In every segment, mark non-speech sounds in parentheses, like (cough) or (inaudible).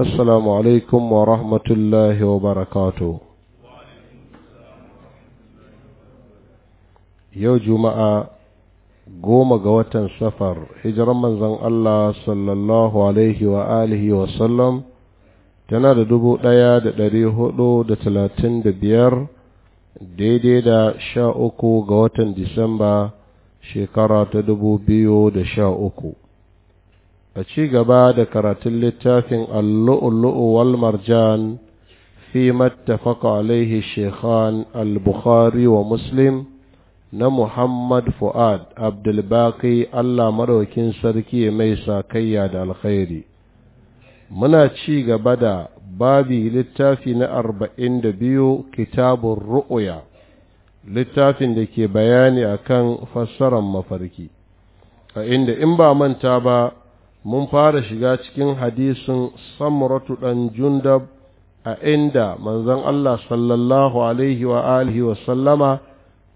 السلام wa rahmatullahi الله وبركاته يوم جمعة goma ga watan safar hijiran manzon Allah sallallahu alaihi wa wa sallam tana da dubu ɗaya da ɗari hudu da talatin da biyar daidai da sha uku ga watan disamba shekara ta dubu biyu da sha uku a ci gaba da karatun littafin allu'ulu'u wal marjan fi mattafaka alaihi shekhan al-bukhari wa muslim na muhammad fu'ad abdulbaki allah maɗaukin sarki mai sakayya da alkhairi muna ci gaba da babi littafi na arba'in da biyu kitabun ru'uya littafin da ke bayani akan fassarar mafarki a inda in ba manta ba mun fara shiga cikin hadisin samuratu ɗan jundab a inda manzon Allah sallallahu alaihi wa alihi wa sallama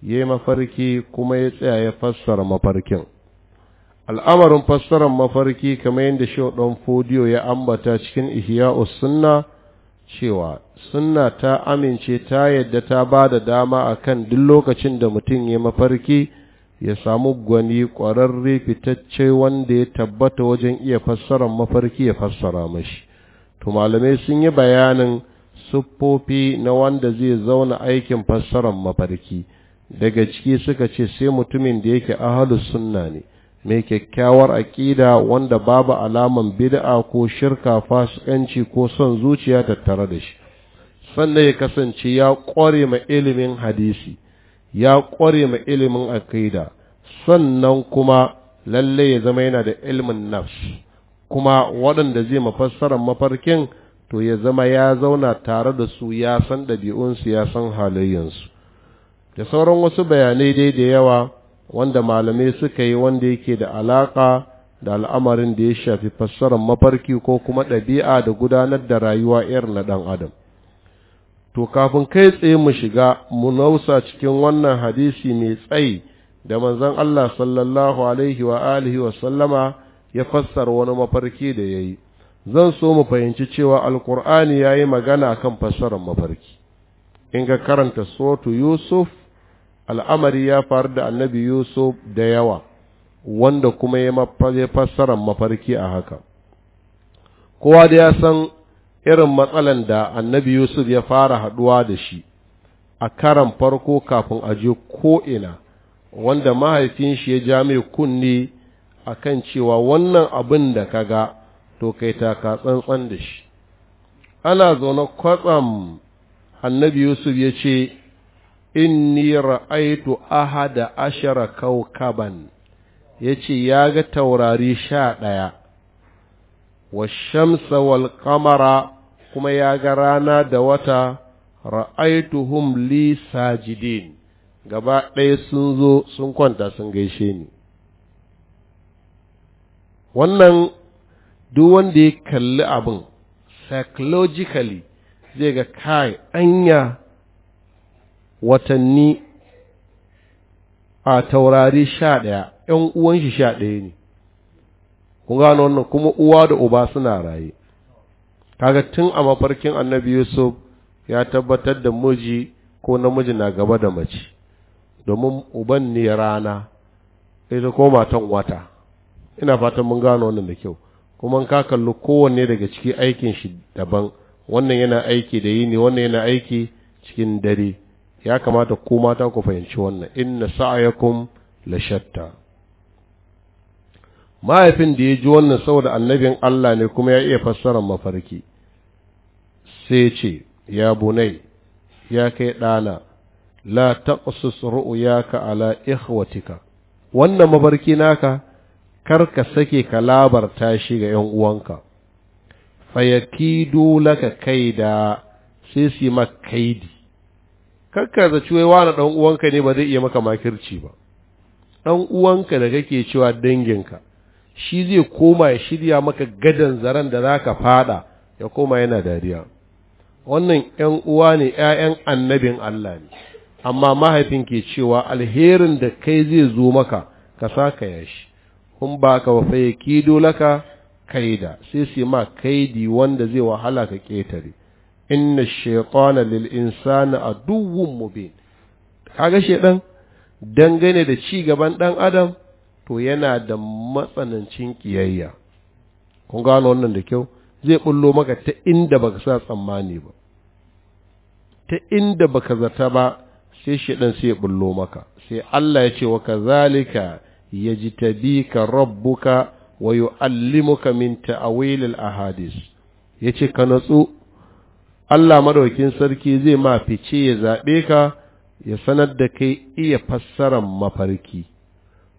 ya yi mafarki kuma ya tsaya ya fassara mafarkin al'amarin fassarar mafarki kamar yadda shi ɗan fodiyo ya ambata cikin ihya'u sunna cewa sunna ta amince ta yadda ta ba da dama a kan duk lokacin da mutum ya mafarki ya samu gwani ƙwararre fitacce wanda ya tabbata wajen iya fassarar mafarki ya fassara mashi to malamai sun yi bayanin siffofi na wanda zai zauna aikin fassarar mafarki daga ciki suka ce sai mutumin da yake ahalu sunna ne mai kyakkyawar aƙida wanda babu alaman bid'a ko shirka fasikanci ko son zuciya tattare da shi sannan ya kasance ya ƙware ma ilimin hadisi ya ƙware ma ilimin aƙida sannan kuma lalle ya zama yana da ilmin nafs kuma waɗanda zai mafassarar mafarkin to ya zama ya zauna tare da su ya san ɗabi'unsu ya san da sauran wasu bayanai dai da yawa wanda malamai suka yi wanda yake da alaƙa da al'amarin da ya shafi fassarar mafarki ko kuma ɗabi'a da gudanar da rayuwa irin na ɗan adam to kafin kai tsaye mu shiga mu nausa cikin wannan hadisi mai tsayi da manzon Allah sallallahu alaihi wa alihi wa sallama ya fassar wani mafarki da yayi zan so mu fahimci cewa alqur'ani yayi magana kan fassarar mafarki in ga karanta suratu yusuf al'amari ya faru da annabi yusuf da yawa wanda kuma ya fassarar mafarki a haka kowa da ya san irin matsalan da annabi yusuf ya fara haduwa da shi a karan farko kafin a je ko'ina wanda mahaifin shi ya ja mai a kan cewa wannan abin da ka ga to kai taka tsantsan da shi ana zaune kwatsam annabi yusuf ya ce inni ra'aitu ahada ashara kaukaban ya ce ya ga taurari sha ɗaya wa shamsa wal kamara kuma ya ga rana da wata ra'aituhum li sajidin gaba ɗaya sun zo sun kwanta sun gaishe ni wannan duk wanda ya kalli abin psychologically zai ga kai anya watanni a taurari sha ɗaya ‘yan uwan shi sha ɗaya ne kun gano wannan kuma uwa da uba suna raye kaga tun a mafarkin annabi yusuf ya tabbatar da miji ko namiji na gaba da mace domin uban ne rana ita ko matan wata ina fatan mun gano wannan da kyau kuma ka kalli kowanne daga ciki aikin shi daban wannan yana aiki da yini wannan yana aiki cikin dare ya kamata ku mata ku fahimci wannan inna sa'ayakum la shatta mahaifin da ya ji wannan saboda annabin Allah ne kuma ya iya fassarar mafarki sai ce ya bunai ya kai ɗana la taqsus ru'yaka ala ikhwatika wannan mabarki naka kar ka sake ka labarta shi ga ƴan uwanka fayakidu laka kaida sai su ma kaidi karka da cewa wani ɗan uwanka ne ba zai iya maka makirci ba ɗan uwanka da kake cewa danginka shi zai koma ya shirya maka gadan zaren da za ka fada ya koma yana dariya wannan 'yan uwa ne ƴaƴan annabin Allah ne amma mahaifin ke cewa alherin da kai zai zo maka ka saka ya shi kun ba ka wafa ya kido laka kaida sai sai ma kaidi wanda zai wahala ka ketare inna shaytana lil insani aduwwun mubin kaga shedan dangane da ci gaban dan adam to yana da matsanancin kiyayya kun gano wannan da kyau zai bullo maka ta inda baka sa tsammani ba ta inda baka zata ba sai shaɗan sai ya bullo maka sai Allah ya ce wa kazalika ka rabbuka wa yu'allimuka min ta'wil al-ahadis yace ka natsu Allah madaukin sarki zai ma fice ya zaɓe ka ya sanar da kai iya fassarar mafarki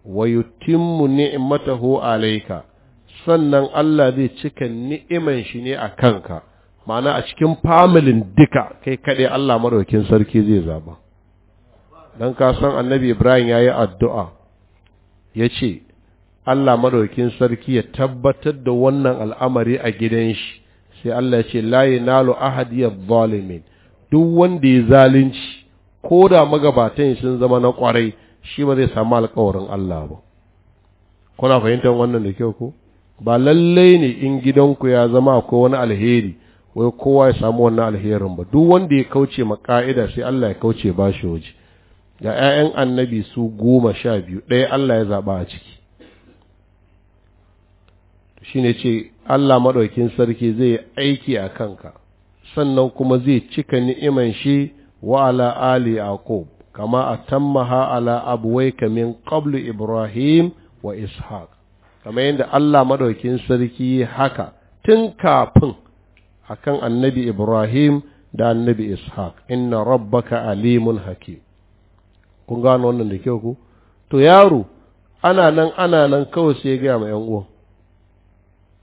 wa yutimmu ni'matahu alayka sannan Allah zai cika ni'iman shi ne a kanka ma'ana a cikin familin duka kai kaɗai Allah madaukin sarki zai zaba don ka san annabi ibrahim ya yi addu'a ya ce allah maɗaukin sarki ya tabbatar da wannan al'amari a gidan shi sai allah ya ce layi nalo ahadi ya zalimin duk wanda ya zalunci ko da magabatan sun zama na kwarai shi ba zai samu alkawarin allah ba kuna fahimtar wannan da kyau ko ba lallai ne in gidanku ya zama akwai wani alheri wai kowa ya samu wannan alherin ba duk wanda ya kauce ma ka'ida sai Allah ya kauce ba shi waje ga 'ya'yan annabi su goma sha biyu ɗaya Allah ya zaɓa a ciki shi ne ce Allah maɗaukin sarki zai yi aiki a kanka sannan kuma zai cika ni'iman shi wa ala ali ko. kama a atammaha ala abuwai kamin qablu ibrahim wa ishaq Kama yadda Allah maɗaukin sarki haka tun kafin akan annabi ibrahim da annabi ishaq inna rabbaka alimun hakim kun gano wannan da kyau ku to yaro ana nan ana nan kawai sai ya gaya ma yan uwan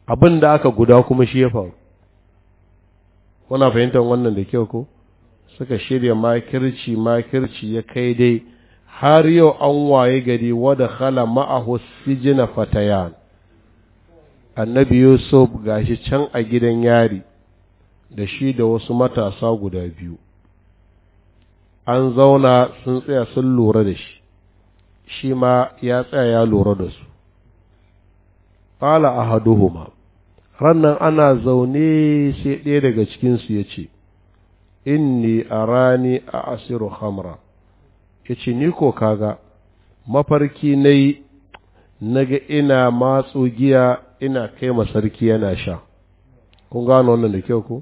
abin da aka guda kuma shi ya faru kuna fahimtar wannan da kyau ku suka shirya makirci makirci ya kai dai har yau an waye gari wada khala ma'ahu sijina fatayan annabi yusuf gashi can a gidan yari da shi da wasu matasa guda biyu an zauna sun tsaya sun lura da shi shi ma ya tsaya ya lura da su ƙala huma rannan ana zaune sai ɗaya daga cikinsu ya ce inni a rani a asiru hamra ya ce ni ko kaga mafarki na yi naga ina matso giya ina kai sarki yana sha kun gano wannan da kyau ko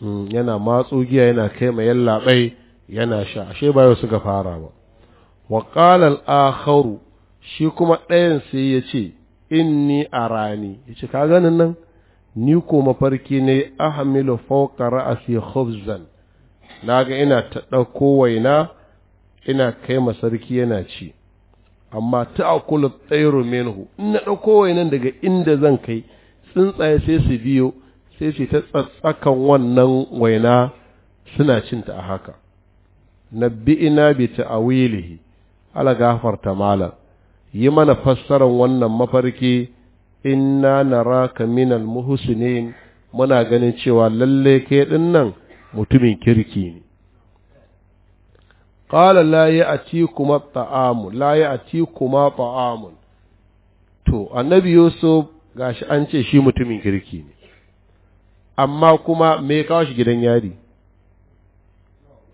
hmm, yana matso giya yana kai ma yallaɓai yana sha ashe ba yau suka fara ba wa qala al-akharu shi kuma ɗayan sai ya ce inni arani ya ce ka ganin nan ni ko mafarki ne ahamilu fawqa ra'asi khubzan naga ina ta dauko waina ina kai ma sarki yana ci amma ta akulu tsayru minhu in na ɗauko wainan daga inda zan kai tsuntsaye sai su biyo sai su ta tsatsakan wannan waina suna cinta a haka nabbi'ina bi ta'awilihi ala gafarta malam yi mana fassarar wannan mafarki inna naraka minal muhsinin muna ganin cewa lalle ke dinnan mutumin kirki ne qala la ya'tikuma ta'amun la ya'tikuma ta'amun to annabi yusuf gashi an ce shi mutumin kirki ne amma kuma me kawo shi gidan yari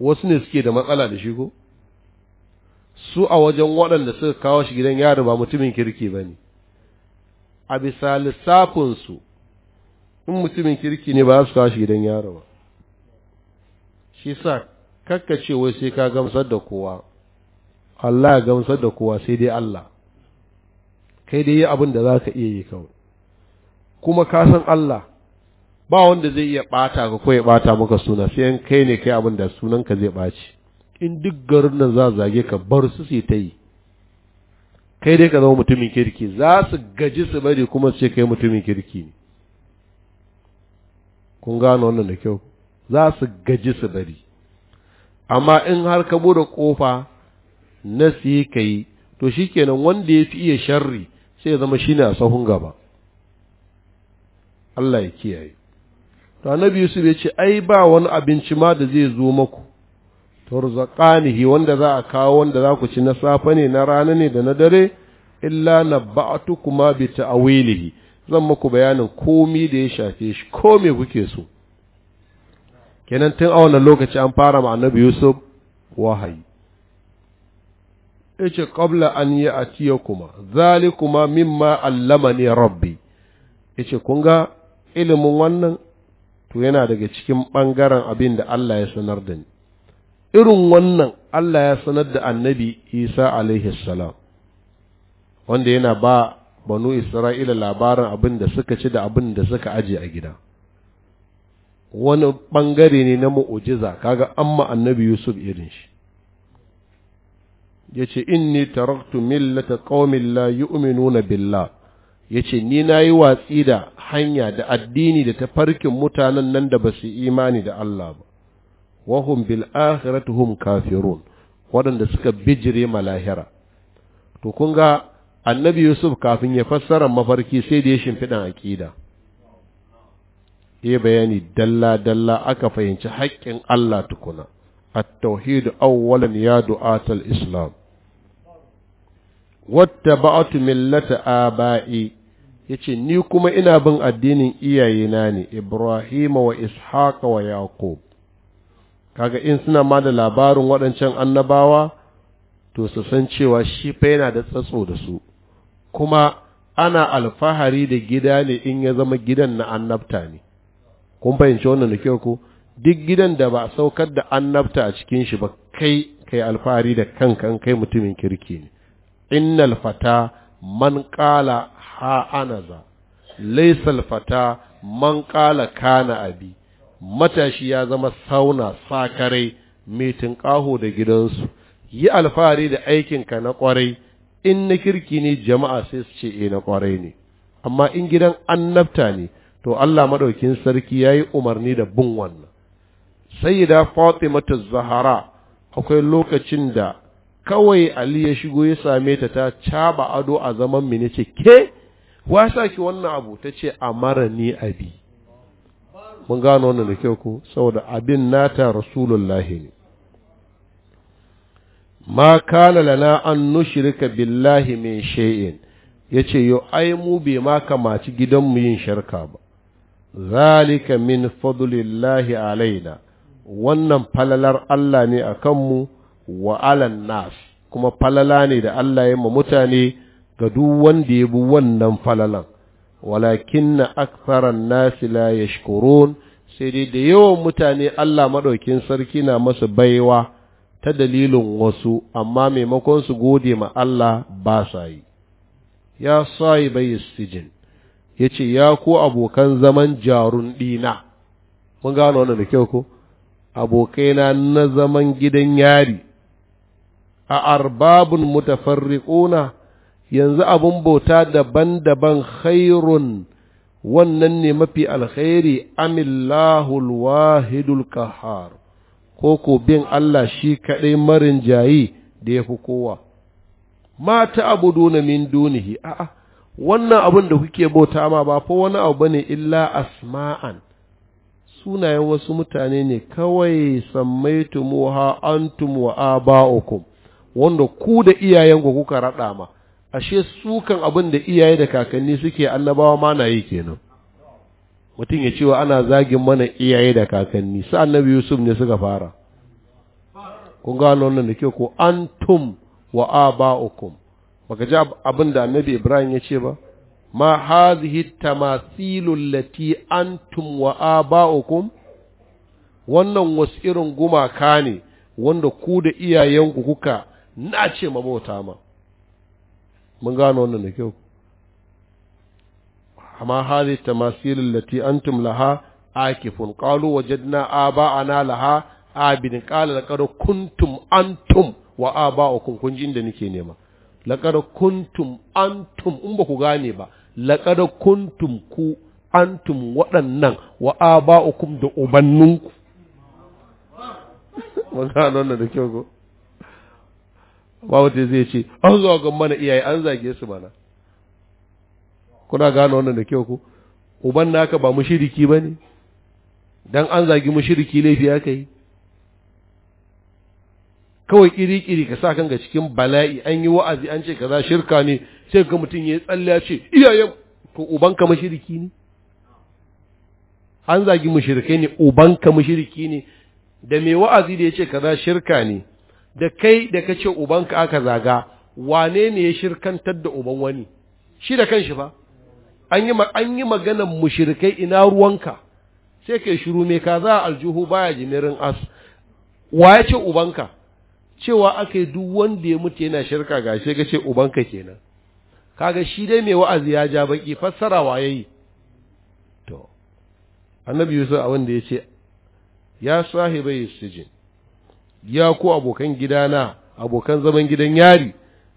wasu ne suke da matsala da shi ko su a wajen waɗanda suka kawo shi gidan yaro ba mutumin kirki ba ne a bisa lissafinsu in mutumin kirki ne ba su kawo shi gidan yaro ba shi sa kakkace wai sai ka gamsar da kowa Allah ya gamsar da kowa sai dai Allah kai dai yi abin da za ka iya yi kawai kuma ka san Allah ba wanda zai iya bata ka ko ya bata maka suna sai an kai ne kai abin da sunan ka zai baci in duk garin nan za zage ka bar su sai ta yi kai dai ka zama mutumin kirki za su gaji su bari kuma su ce kai mutumin kirki ne kun gano wannan da kyau za su gaji su bari amma in har ka bude kofa na siye ka yi to shikenan wanda ya fi iya sharri sai ya zama shine a sahun gaba Allah ya kiyaye to annabi yusuf ya ce ai ba wani abinci ma da zai zo maku turzaqanihi wanda za a kawo wanda za ku ci na safe ne na rana ne da na dare illa nabba'tukuma bi ta'wilihi zan muku bayanin komi da ya shafe shi komai kuke so kenan tun a wannan lokaci an fara ma annabi yusuf wahayi yace qabla an ya'tiyakuma zalikuma mimma allamani rabbi yace kun ga ilimin wannan to yana daga cikin ɓangaren abin da Allah ya sanar da ni irin wannan Allah ya sanar da annabi Isa alaihi salam wanda yana ba banu Isra'ila labarin abin da suka ci da abin da suka aje a gida wani ɓangare ne na mu'ujiza kaga amma annabi Yusuf irin shi yace inni taraktu millata qaumin la yu'minuna billah yace ni nayi watsi da hanya da addini da ta farkin mutanen nan da ba su imani da Allah ba wahum bil akhirati hum kafirun waɗanda suka bijire malahira to kun ga annabi Yusuf kafin ya fassara mafarki sai da ya shimfiɗan aƙida ya bayani dalla-dalla aka fahimci haƙƙin Allah tukuna at-tauhid awwalan ya du'atul islam watta ba'atu millata aba'i yace ni kuma ina bin addinin iyayena ne Ibrahim wa Ishaq wa Yaqub kaga in suna ma da labarin waɗancan annabawa to su san cewa shi fa yana da tsatso da su kuma ana alfahari da gida ne in ya zama gidan na annabta ne kun fahimci wannan da kyau ko duk gidan da ba saukar da annabta a cikin shi ba kai kai alfahari da kanka kai mutumin kirki ne innal fata man qala ha anaza laisal fata man kala kana abi matashi ya zama sauna sakarai mai tunƙaho da gidansu yi alfahari da aikinka na kwarai in na kirki ne jama'a sai su ce eh na kwarai ne amma in gidan annabta ne to Allah madaukin sarki yayi umarni da bin wannan sayyida fatimatu zahara akwai lokacin da kawai ali ya shigo ya same ta ta caba ado a zaman mini ce ke wa sa ki wannan abu ta ce a mara ni abi mun gano wannan da kyau ko saboda abin nata rasulullahi ne ma kana lana an nushrika billahi min shay'in yace yo ai mu bai ma kamaci mu yin sharka ba zalika min fadlillahi alaina wannan falalar Allah ne akan mu wa alan nas kuma falala ne da Allah ya ma mutane ga duk wanda ya bi wannan falalan walakin na aksaran nasi la yashkurun sai dai da yawan mutane Allah maɗaukin sarki na masu baiwa ta dalilin wasu amma maimakon su gode ma Allah ba sa yi ya sai bai sijin ya ce ya ku abokan zaman jarun ɗina mun gano wannan da kyau ko abokaina na zaman gidan yari a arbabun mutafarriquna yanzu abin bauta daban-daban khairun wannan ne mafi alkhairi amillahul wahidul kahar ko ko bin Allah shi kaɗai marin jayi da ya fi kowa ma ta abuduna min dunihi a'a wannan abin da kuke bauta ma ba fa wani abu bane illa asma'an sunayen wasu mutane ne kawai sammaitumuha antum wa aba'ukum wanda ku da iyayenku kuka raɗa ma ashe sukan abin da iyaye da kakanni suke annabawa ma na yi kenan mutum ya cewa ana zagin mana iyaye da kakanni su annabi yusuf ne suka fara kun gano wannan da ke ko antum wa ba baka ji abin da annabi ibrahim ya ce ba ma hadhihi tamasilu lati antum wa aba'ukum wannan wasu irin gumaka ne wanda ku da iyayenku kuka na ce mabauta ma mun gano wannan da kyau amma hadhihi tamasil lati antum laha akifun qalu wajadna aba'ana laha abin qala laqad kuntum antum wa aba'ukum kun jin inda nake nema laqad kuntum antum in ba ku gane ba laqad kuntum ku antum waɗannan wa aba'ukum da ubannunku mun gano wannan da kyau ko ba wata zai ce an zuwa gan mana iyaye an zage su mana kuna gane wannan da kyau ku uban naka ba mushiriki ba ne dan an zagi mushiriki laifi aka yi kawai kiri-kiri ka sa kanka cikin bala'i an yi wa'azi an ce kaza shirka ne sai ga mutum ya tsalle ya ce iyayen to ubanka mushiriki ne an zagi mushirikai ne ubanka mushiriki ne da mai wa'azi da ya ce kaza shirka ne da kai da kace ubanka aka zaga wane ne ya shirkantar da uban wani shi da kanshi fa an yi an yi maganar mushrikai ina ruwanka sai kai shiru me ka za aljuhu baya jinirin as wa ya ce ubanka cewa aka duk wanda ya mutu yana shirka ga shi ka ce ubanka kenan kaga shi dai mai wa'azi ya ja baki fassara wa yayi to annabi yusuf a wanda ya ce ya sahibai sijin ya ku abokan gidana abokan zaman gidan yari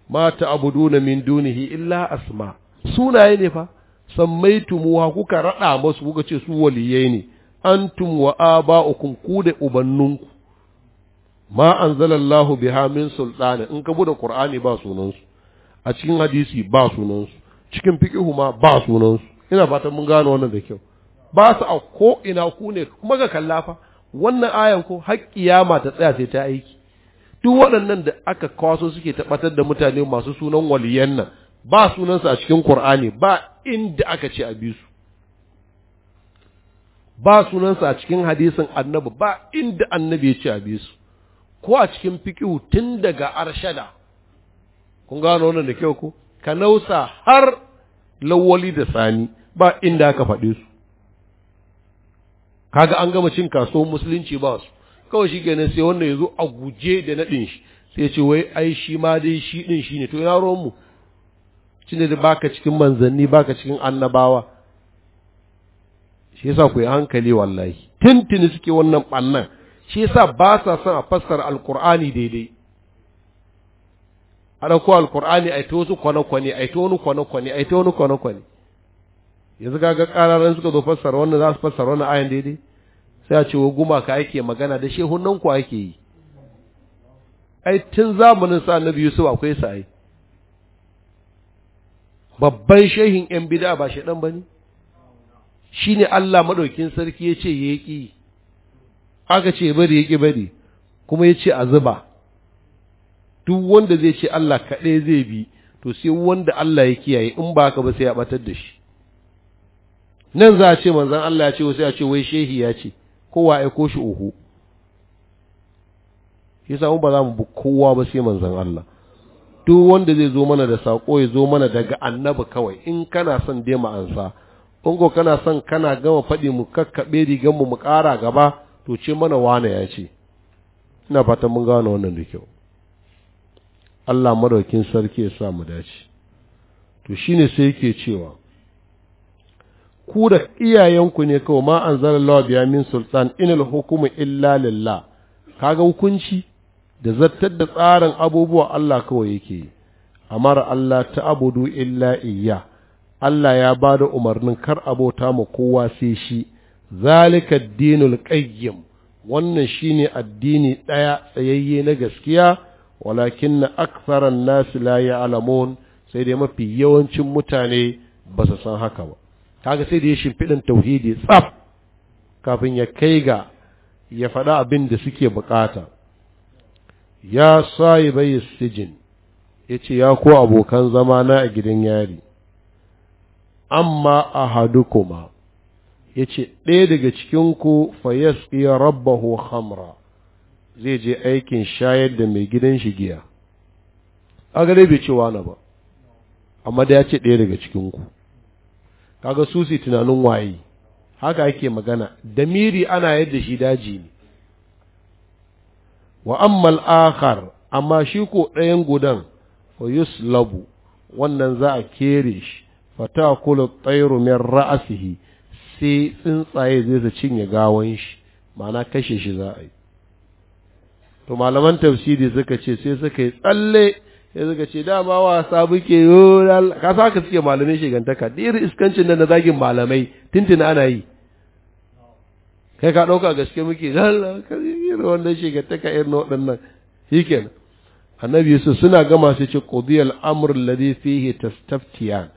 mata abuduna min dunihi illa asma sunaye ne fa sammaitumuha kuka rada masu kuka ce su waliyai ne antum wa aba'ukum ku da ubannunku ma anzalallahu biha min sultani in ka bude qur'ani ba sunansu a cikin hadisi ba sunansu cikin fiqihu ma ba sunansu ina fatan mun gane wannan da kyau ba su a ko ina ku ne kuma ga kallafa wannan ayan ko har kiyama ta tsaya sai ta aiki duk waɗannan da aka kwaso suke tabbatar da mutane masu sunan waliyan nan ba sunansa a cikin Qur'ani ba inda aka ce a bi ba sunansa a cikin hadisin annabi ba inda annabi ya ce a bi ko a cikin fiqhu tun daga arshada kun gano wannan da kyau ko ka nausa har lawali da sani ba inda aka faɗe su kaga an gama cin kasuwan musulunci ba su kawai shi kenan sai wannan ya zo a guje da naɗin shi sai ce wai ai shi ma dai shi ɗin shi ne to ina ruwan mu cin da baka cikin manzanni baka cikin annabawa shi yasa ku yi hankali wallahi tintini suke wannan ɓannan shi yasa ba sa son a fassara alkur'ani daidai a ɗauko alkur'ani a ita wasu kwane-kwane a ita wani kwane-kwane a ita wani kwane-kwane yanzu kaga kararren suka zo fassara wannan za su fassara wannan ayan daidai sai a ce wa gumaka ake magana da shehunan ku ake yi ai tun zamanin sa annabi Yusuf akwai sa babban shehin yan bid'a ba dan bane shine Allah madaukin sarki yace yaki aka ce bari yaki bari kuma yace a zuba duk wanda zai ce Allah kaɗai zai bi to sai wanda Allah ya kiyaye in ba ka ba sai ya batar da shi nan za a ce manzan Allah ya ce wasu ya ce wai shehi ya ce kowa aiko shi uhu shi sa ba za mu bi kowa ba sai manzan Allah duk wanda zai zo mana da sako ya zo mana daga annaba kawai in kana son dai mu ansa in kana son kana gama faɗi mu kakkaɓe rigan mu mu ƙara gaba to ce mana wane ya ce ina fatan mun gane wannan da kyau Allah madaukin sarki ya sa mu dace to shine sai yake cewa ku da iyayenku ne kawai ma an zara lawa biya min sultan inal hukumu illa lillah kaga hukunci da zartar da tsarin abubuwa Allah kawai yake amara Allah ta abudu illa iya. Allah ya ba da umarnin kar abota ma kowa sai shi zalika dinul qayyim wannan shine addini ɗaya tsayayye na gaskiya walakin na aksaran la ya'lamun sai dai mafi yawancin mutane ba su san haka ba kaga sai da ya shimfiɗin tauhidi tsaf kafin ya kai ga ya faɗa abin da suke bukata ya sayi bai sijin ya ce ya ko abokan zama na a gidan yari amma ahadukuma ya ce ɗaya daga cikinku fayas iya rabbahu hamra zai je aikin shayar da mai gidan shi giya a gare bai ce wani ba amma da ya ce ɗaya daga cikinku kaga su su tunanin waye haka ake magana damiri ana yadda shi daji ne wa ammal akhar amma shi ko ɗayan gudan fa yuslabu wannan za a kere shi fa ta'kulu at-tayru min ra'sihi sai tsuntsaye zai sa cinye gawan shi ma'ana kashe shi za a yi to malaman tafsiri suka ce sai suka yi tsalle sai suka ce dama wasa muke yoral ka sa ka suke malamai shigantaka da iri iskancin nan na zagin malamai tintina ana yi kai ka ɗauka gaske muke lalla ka irin wannan shigantaka irin waɗannan shi annabi yusuf suna gama su ce qudiyal amr alladhi fihi tastaftiyan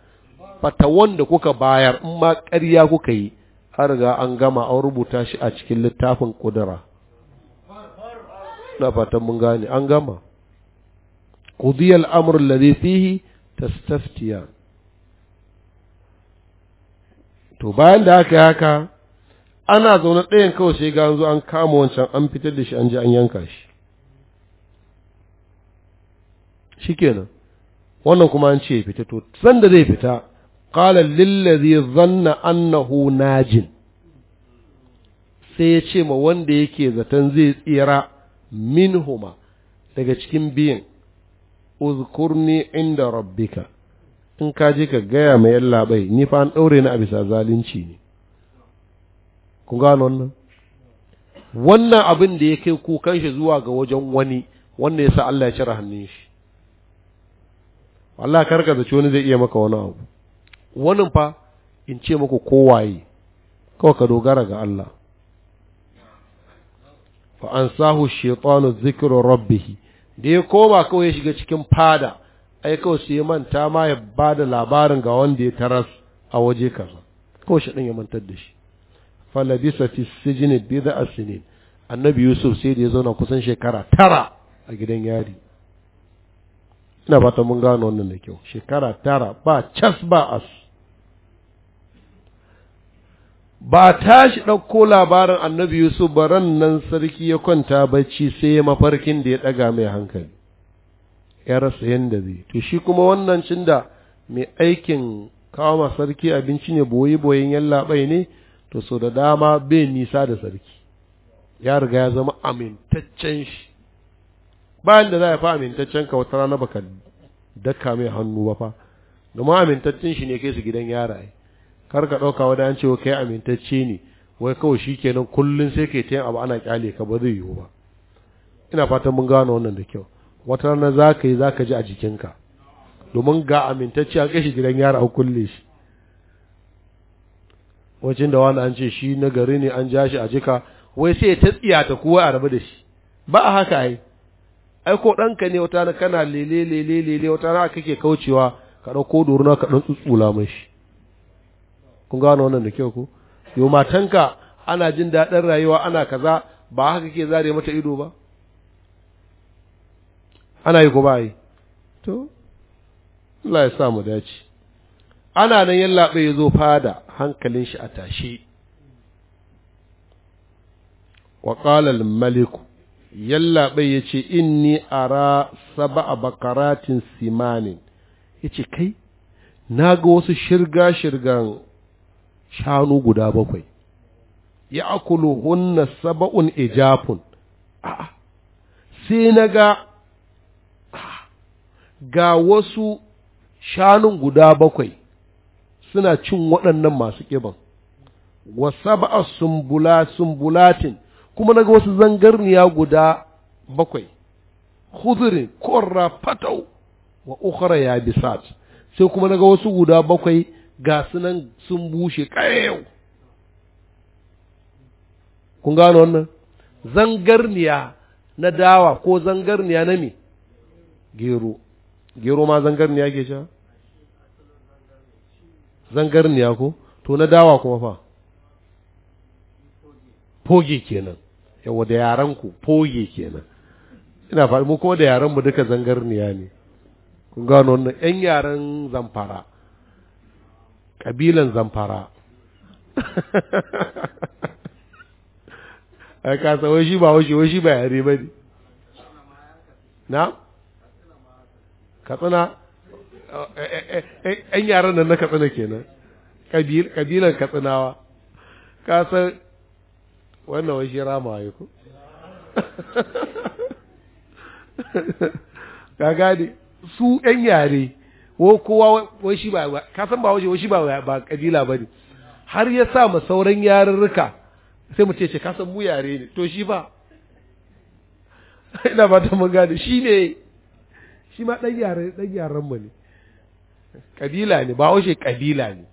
fata wanda kuka bayar in ma karya kuka yi an riga an gama an rubuta shi a cikin littafin kudura na fatan mun gane an gama qudiya al-amr alladhi fihi tastaftiya to bayan da aka haka ana zaune ɗayan kawai sai ga an kama wancan an fitar da shi an je an yanka shi kenan wannan kuma an ce fita to sanda zai fita qala lillazi zanna annahu najin sai ya ce ma wanda yake zaton zai tsira minhuma daga cikin biyan uzkurni inda rabbika in ka je ka gaya mai yalla ni fa an ɗaure ni a bisa zalunci ne ku gano wannan wannan abin da ya kai kukan shi zuwa ga wajen wani wanda ya sa Allah ya cire hannun shi Allah karka zaci wani zai iya maka wani abu wannan fa in ce ko kowaye kawai ka dogara ga Allah fa ansahu shaytanu zikru rabbihi da ya koma kawai ya shiga cikin fada ai kawai su yi manta ma ya ba da labarin ga wanda ya taras a waje kaza shi ɗin ya mantar da shi falabisa fi sijini bida sinin. annabi yusuf sai da ya zauna kusan shekara tara a gidan yari ina fata mun gano wannan da kyau shekara tara ba cas ba as ba tashi ɗauko labarin annabi Yusuf ba ran nan sarki ya kwanta bacci sai ya mafarkin da ya ɗaga mai hankali ya rasa yadda zai to shi kuma wannan cin da mai aikin kawo ma sarki abinci ne boye boyen yallaɓai ne to so da dama bai nisa da sarki ya riga ya zama amintaccen shi bayan da za a fa amintaccen ka wata rana baka daka mai hannu ba fa domin amintaccen shi ne kai su gidan yaraye kar ka ɗauka wani an ce wa kai amintacce ne wai kawai shi kenan kullum sai ke ta yin abu ana kyale ka ba zai yiwu ba ina fatan mun gano wannan da kyau wata rana za ka yi za ka ji a jikinka domin ga amintacce a kai shi gidan yara a kulle shi wajen da wani an ce shi na gari ne an ja shi a jika wai sai ya ta tsiyata kowa a rabu da shi ba a haka ai ai ko ɗanka ne wata kana lele lele lele wata na kake kaucewa ka ɗauko doruna ka ɗan tsutsula shi. kun gano wannan da kyau ko yo matanka ana jin daɗin rayuwa ana kaza ba haka ke zare mata ido ba ana yi ko ba yi to Allah ya sa mu dace ana nan yallaɓe ya zo fada hankalin shi a tashe wa ƙalal maliku yallaɓai ya ce inni ara saba a bakaratin simanin ya ce kai na ga wasu shirga-shirgan shanu guda bakwai ya akulu hunna saba'un ijafun a'a sai na ga ga wasu shanun guda bakwai suna cin waɗannan masu ƙiban wa saba'a sumbulatin kuma na ga wasu zangarniya guda bakwai huzurin korra fatau wa ukhra ya bisat sai kuma na ga wasu guda bakwai ga sunan sun bushe ƙayau kun gano wannan zangarniya na dawa ko zangarniya na me gero gero ma zangarniya ke sha zangarniya ko to na dawa kuma fa foge kenan yawa da yaran ku foge kenan ina faɗi mu kuma da yaran mu duka zangarniya ne kun gano wannan yan yaran zamfara kabilan zamfara a kasa wai shi ba wai shi ba yare ba ne na katsina eh, eh, eh, yan yaran nan na katsina kenan kabilan katsinawa kasar wannan wai shi rama ya ku ga gane su yan yare wo kowa wai shi ba ka san ba waje shi ba ba kabila bane har ya sa ma sauran yarurruka sai mu ce ce ka san mu yare ne to shi ba (laughs) ina ba ta mun gane shi ne shi ma dan yare dan yaran mu ne kabila ne ba waje kabila ne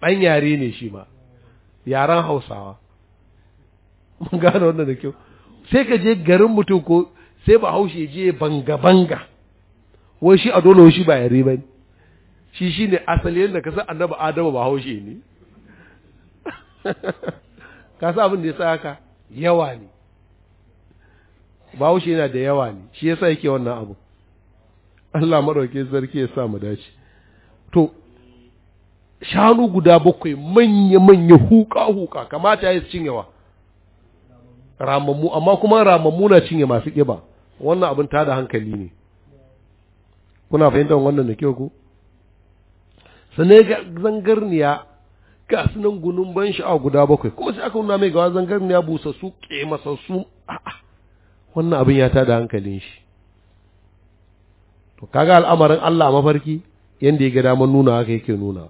dan yare ne shi ma yaren Hausawa (laughs) mun gane wannan da kyau sai ka je garin mutum ko sai ba haushe je banga banga wai shi a dole shi ba yare bane shi ne asali yadda ka san annabi adamu ba haushe ne ka sa abin da ya sa haka yawa ne ba haushe yana da yawa ne shi yasa yake wannan abu Allah maɗauke sarki ya sa mu dace to shanu guda bakwai manya-manya huka-huka kamata ya yi yawa ramammu amma kuma ramammu na cinye masu ƙiba wannan abin da hankali ne kuna fahimtar wannan da kyau ku sane ga zangarniya ga sunan gunun ban sha'awa guda bakwai kuma sai aka nuna mai gawa zangarniya busassu su a'a wannan abin ya tada hankalin shi to kaga al'amarin Allah mafarki yanda ya ga daman nuna haka yake nuna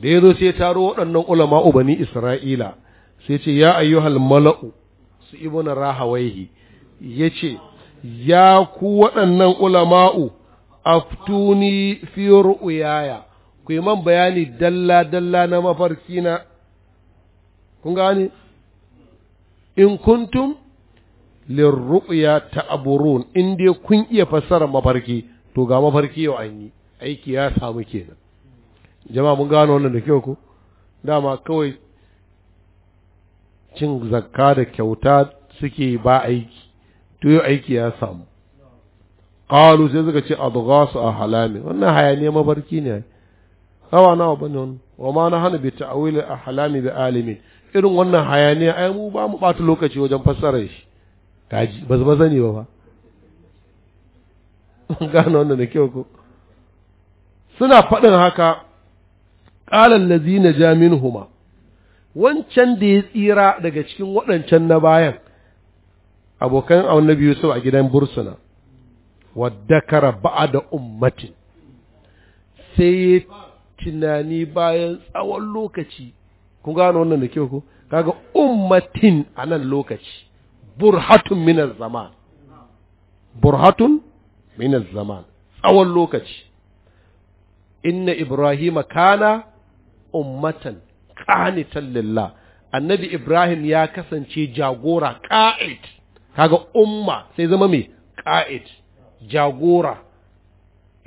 da ya zo sai taro waɗannan ulama ubani Isra'ila sai ce ya ayyuhal mala'u su ibnu rahawaihi yace ya ku waɗannan ulama'u aftuni fi ru'yaya ku yi man bayani dalla-dalla na mafarki na kun gane in kuntum ta aburun, in dai kun iya fassara mafarki to ga mafarki yau an yi aiki ya samu kenan Jama mun gano wannan da kyau ku. dama kawai cin zakka da kyauta suke ba aiki to yau aiki ya samu Ƙalu sai suka ce adghasu a halami wannan hayaniya mafarki ne rawa nawa bane wannan wa ma na hana bi ta'wil ahlami bi alimi irin wannan hayaniya ai mu ba mu bata lokaci wajen fassara shi kaji ba zama zani ba ba gano wannan da kyau ko suna faɗin haka qalan lazina ja huma. wancan da ya tsira daga cikin waɗancan na bayan abokan annabi Yusuf a gidan Bursuna wadda kara ba'a da ummatin sai tunani bayan tsawon lokaci kun gano wannan da kyau ko kaga ummatin a nan lokaci burhatun minar zaman burhatun minar zaman tsawon lokaci inna ibrahima kana ummatan qanitan lillah annabi ibrahim ya kasance jagora qa'id kaga umma sai zama mai. qa'id jagora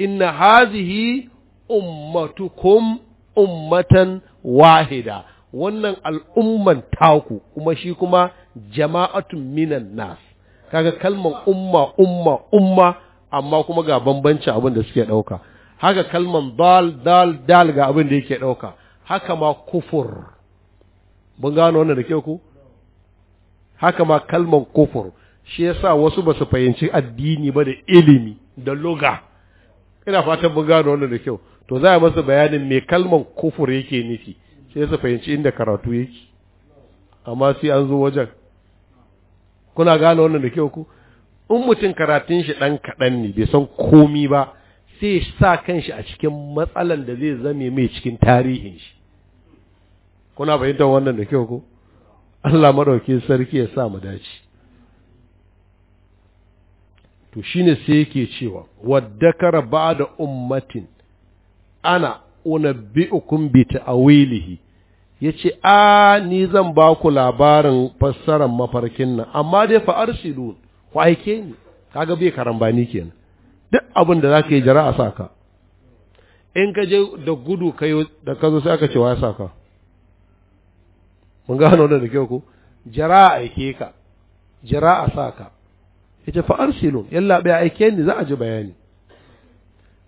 inna hazihi ummatukum ummatan wahida wannan al'umman taku kuma shi kuma jama'atun minan nas kaga kalman umma umma umma amma kuma ga bambanci abin da suke ɗauka haka kalman dal dal dal ga abin da yake ɗauka haka ma kufur mun gano wannan da kyau ku haka ma kalman kufur shi yasa wasu ba su fahimci addini ba da ilimi da loga ina fatan mun gano wannan da kyau to za a masa bayanin me kalmar kufur yake nufi sai su fahimci inda karatu yake amma sai an zo wajen kuna gane wannan da kyau ku in mutum karatun shi ɗan kaɗan ne bai san komi ba sai sa kanshi a cikin matsalan da zai zame mai cikin tarihin shi kuna fahimtar wannan da kyau ko Allah madauki sarki ya sa mu dace to shine sai yake cewa waddakara da ummatin ana unabbi'ukum bi ta'wilihi yace a ni zan ba ku labarin fassarar mafarkin nan amma dai fa arsilu ku aike ni kaga bai karambani kenan duk abin da zaka yi jira a saka in ka je da gudu kayo da kazo sai aka ce wa ya saka mun gano da kyau ko a aike ka jira a saka yace fa arsilu yalla bai aike ni za a ji bayani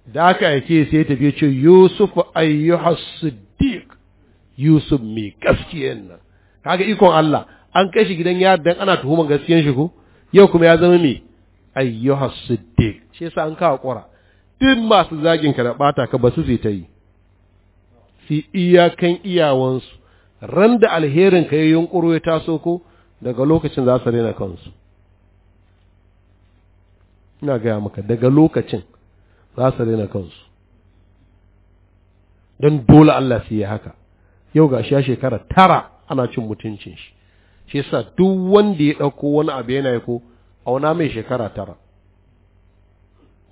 da aka aike sai ya tafi ce Yusuf ayyuha siddiq Yusuf mai gaskiyan nan kaga ikon Allah an kai shi gidan yari dan ana tuhuman gaskiyan shi ko yau kuma ya zama mai ayyuha siddiq shi yasa an kawo kura duk masu zagin ka da bata ka ba su sai ta yi si iyakan iyawansu ran da alherin ka ya yunkuro ya taso ko daga lokacin za su rena kansu ina gaya maka daga lokacin za su rena kansu don dole Allah sai ya haka yau ga shi shekara tara ana cin mutuncin shi shi yasa duk wanda ya ɗauko wani abu yana ko auna mai shekara tara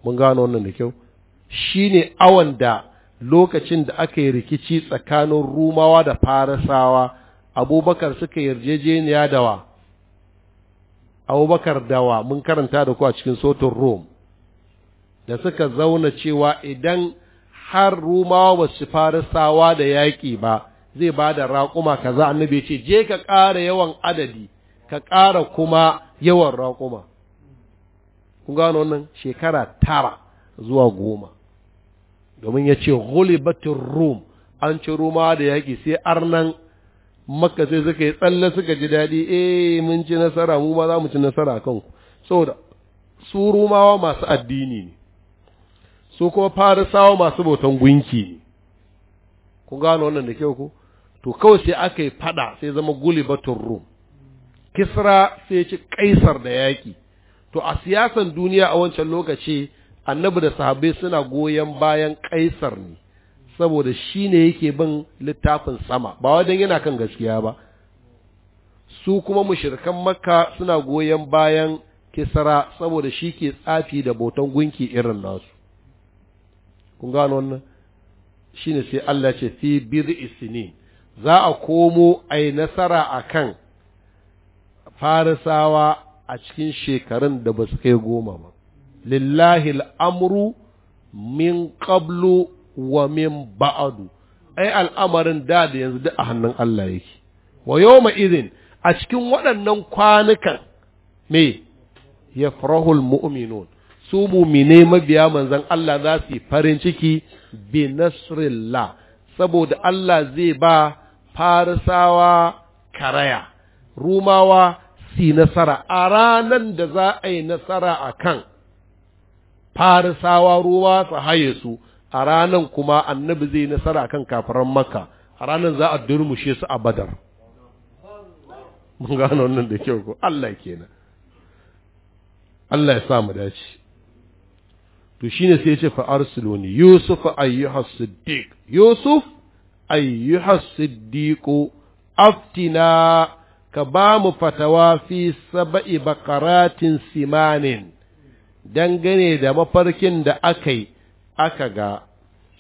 mun gano wannan da kyau shine awan da lokacin da aka yi rikici tsakanin rumawa da farasawa abubakar suka yarjejeniya da wa abubakar dawa mun karanta da ku a cikin sotun rome da suka zauna cewa idan har rumawa ba su fara sawa da yaƙi ba zai ba da raƙuma ka kaza annabi ce je ka ƙara yawan adadi ka ƙara kuma yawan raƙuma kun gano nan shekara tara zuwa goma domin ya ce batun rum an ci rumawa da yaƙi sai arnan maka sai suka yi tsalle suka ji daɗi e mun ci nasara mu ma za mu ci nasara kanku saboda su rumawa masu addini ne su kuma farisawa masu bautan gunki ne gano wannan da kyau ko to kawai sai aka yi fada sai zama Guli batun rum kisra sai ci kaisar da yaki to a siyasan duniya a wancan lokaci annabi da sahabbai suna goyon bayan kaisar ne saboda shi ne yake bin littafin sama ba wadan yana kan gaskiya ba su kuma mushirikan makka suna goyon bayan kisra saboda shi ke tsafi da botan gunki irin nasu kun gano wannan shine sai Allah ce fi bid'i sinin za a komo ai nasara a kan farisawa a cikin shekarun da ba su kai goma ba lillahi al'amru min qablu wa min ba'adu ai al'amarin da da yanzu duk a hannun Allah yake wa yawma idin a cikin waɗannan kwanukan me yafrahul mu'minun su mumine mabiya manzan Allah za su yi farin ciki bi nasrillah saboda Allah zai ba farisawa karaya rumawa si nasara a ranan da za a yi nasara a kan farisawa ruwa su haye su a ranan kuma annabi zai nasara kan kafiran maka a ranan za a durmushe su a badar mun gano wannan da kyau ko Allah kenan Allah ya sa mu dace to shine sai ya ce fa arsiluni yusuf ayyuha siddiq yusuf ayyuha siddiq aftina ka ba mu fatawa fi saba'i bakaratin simanin dangane da mafarkin da aka aka ga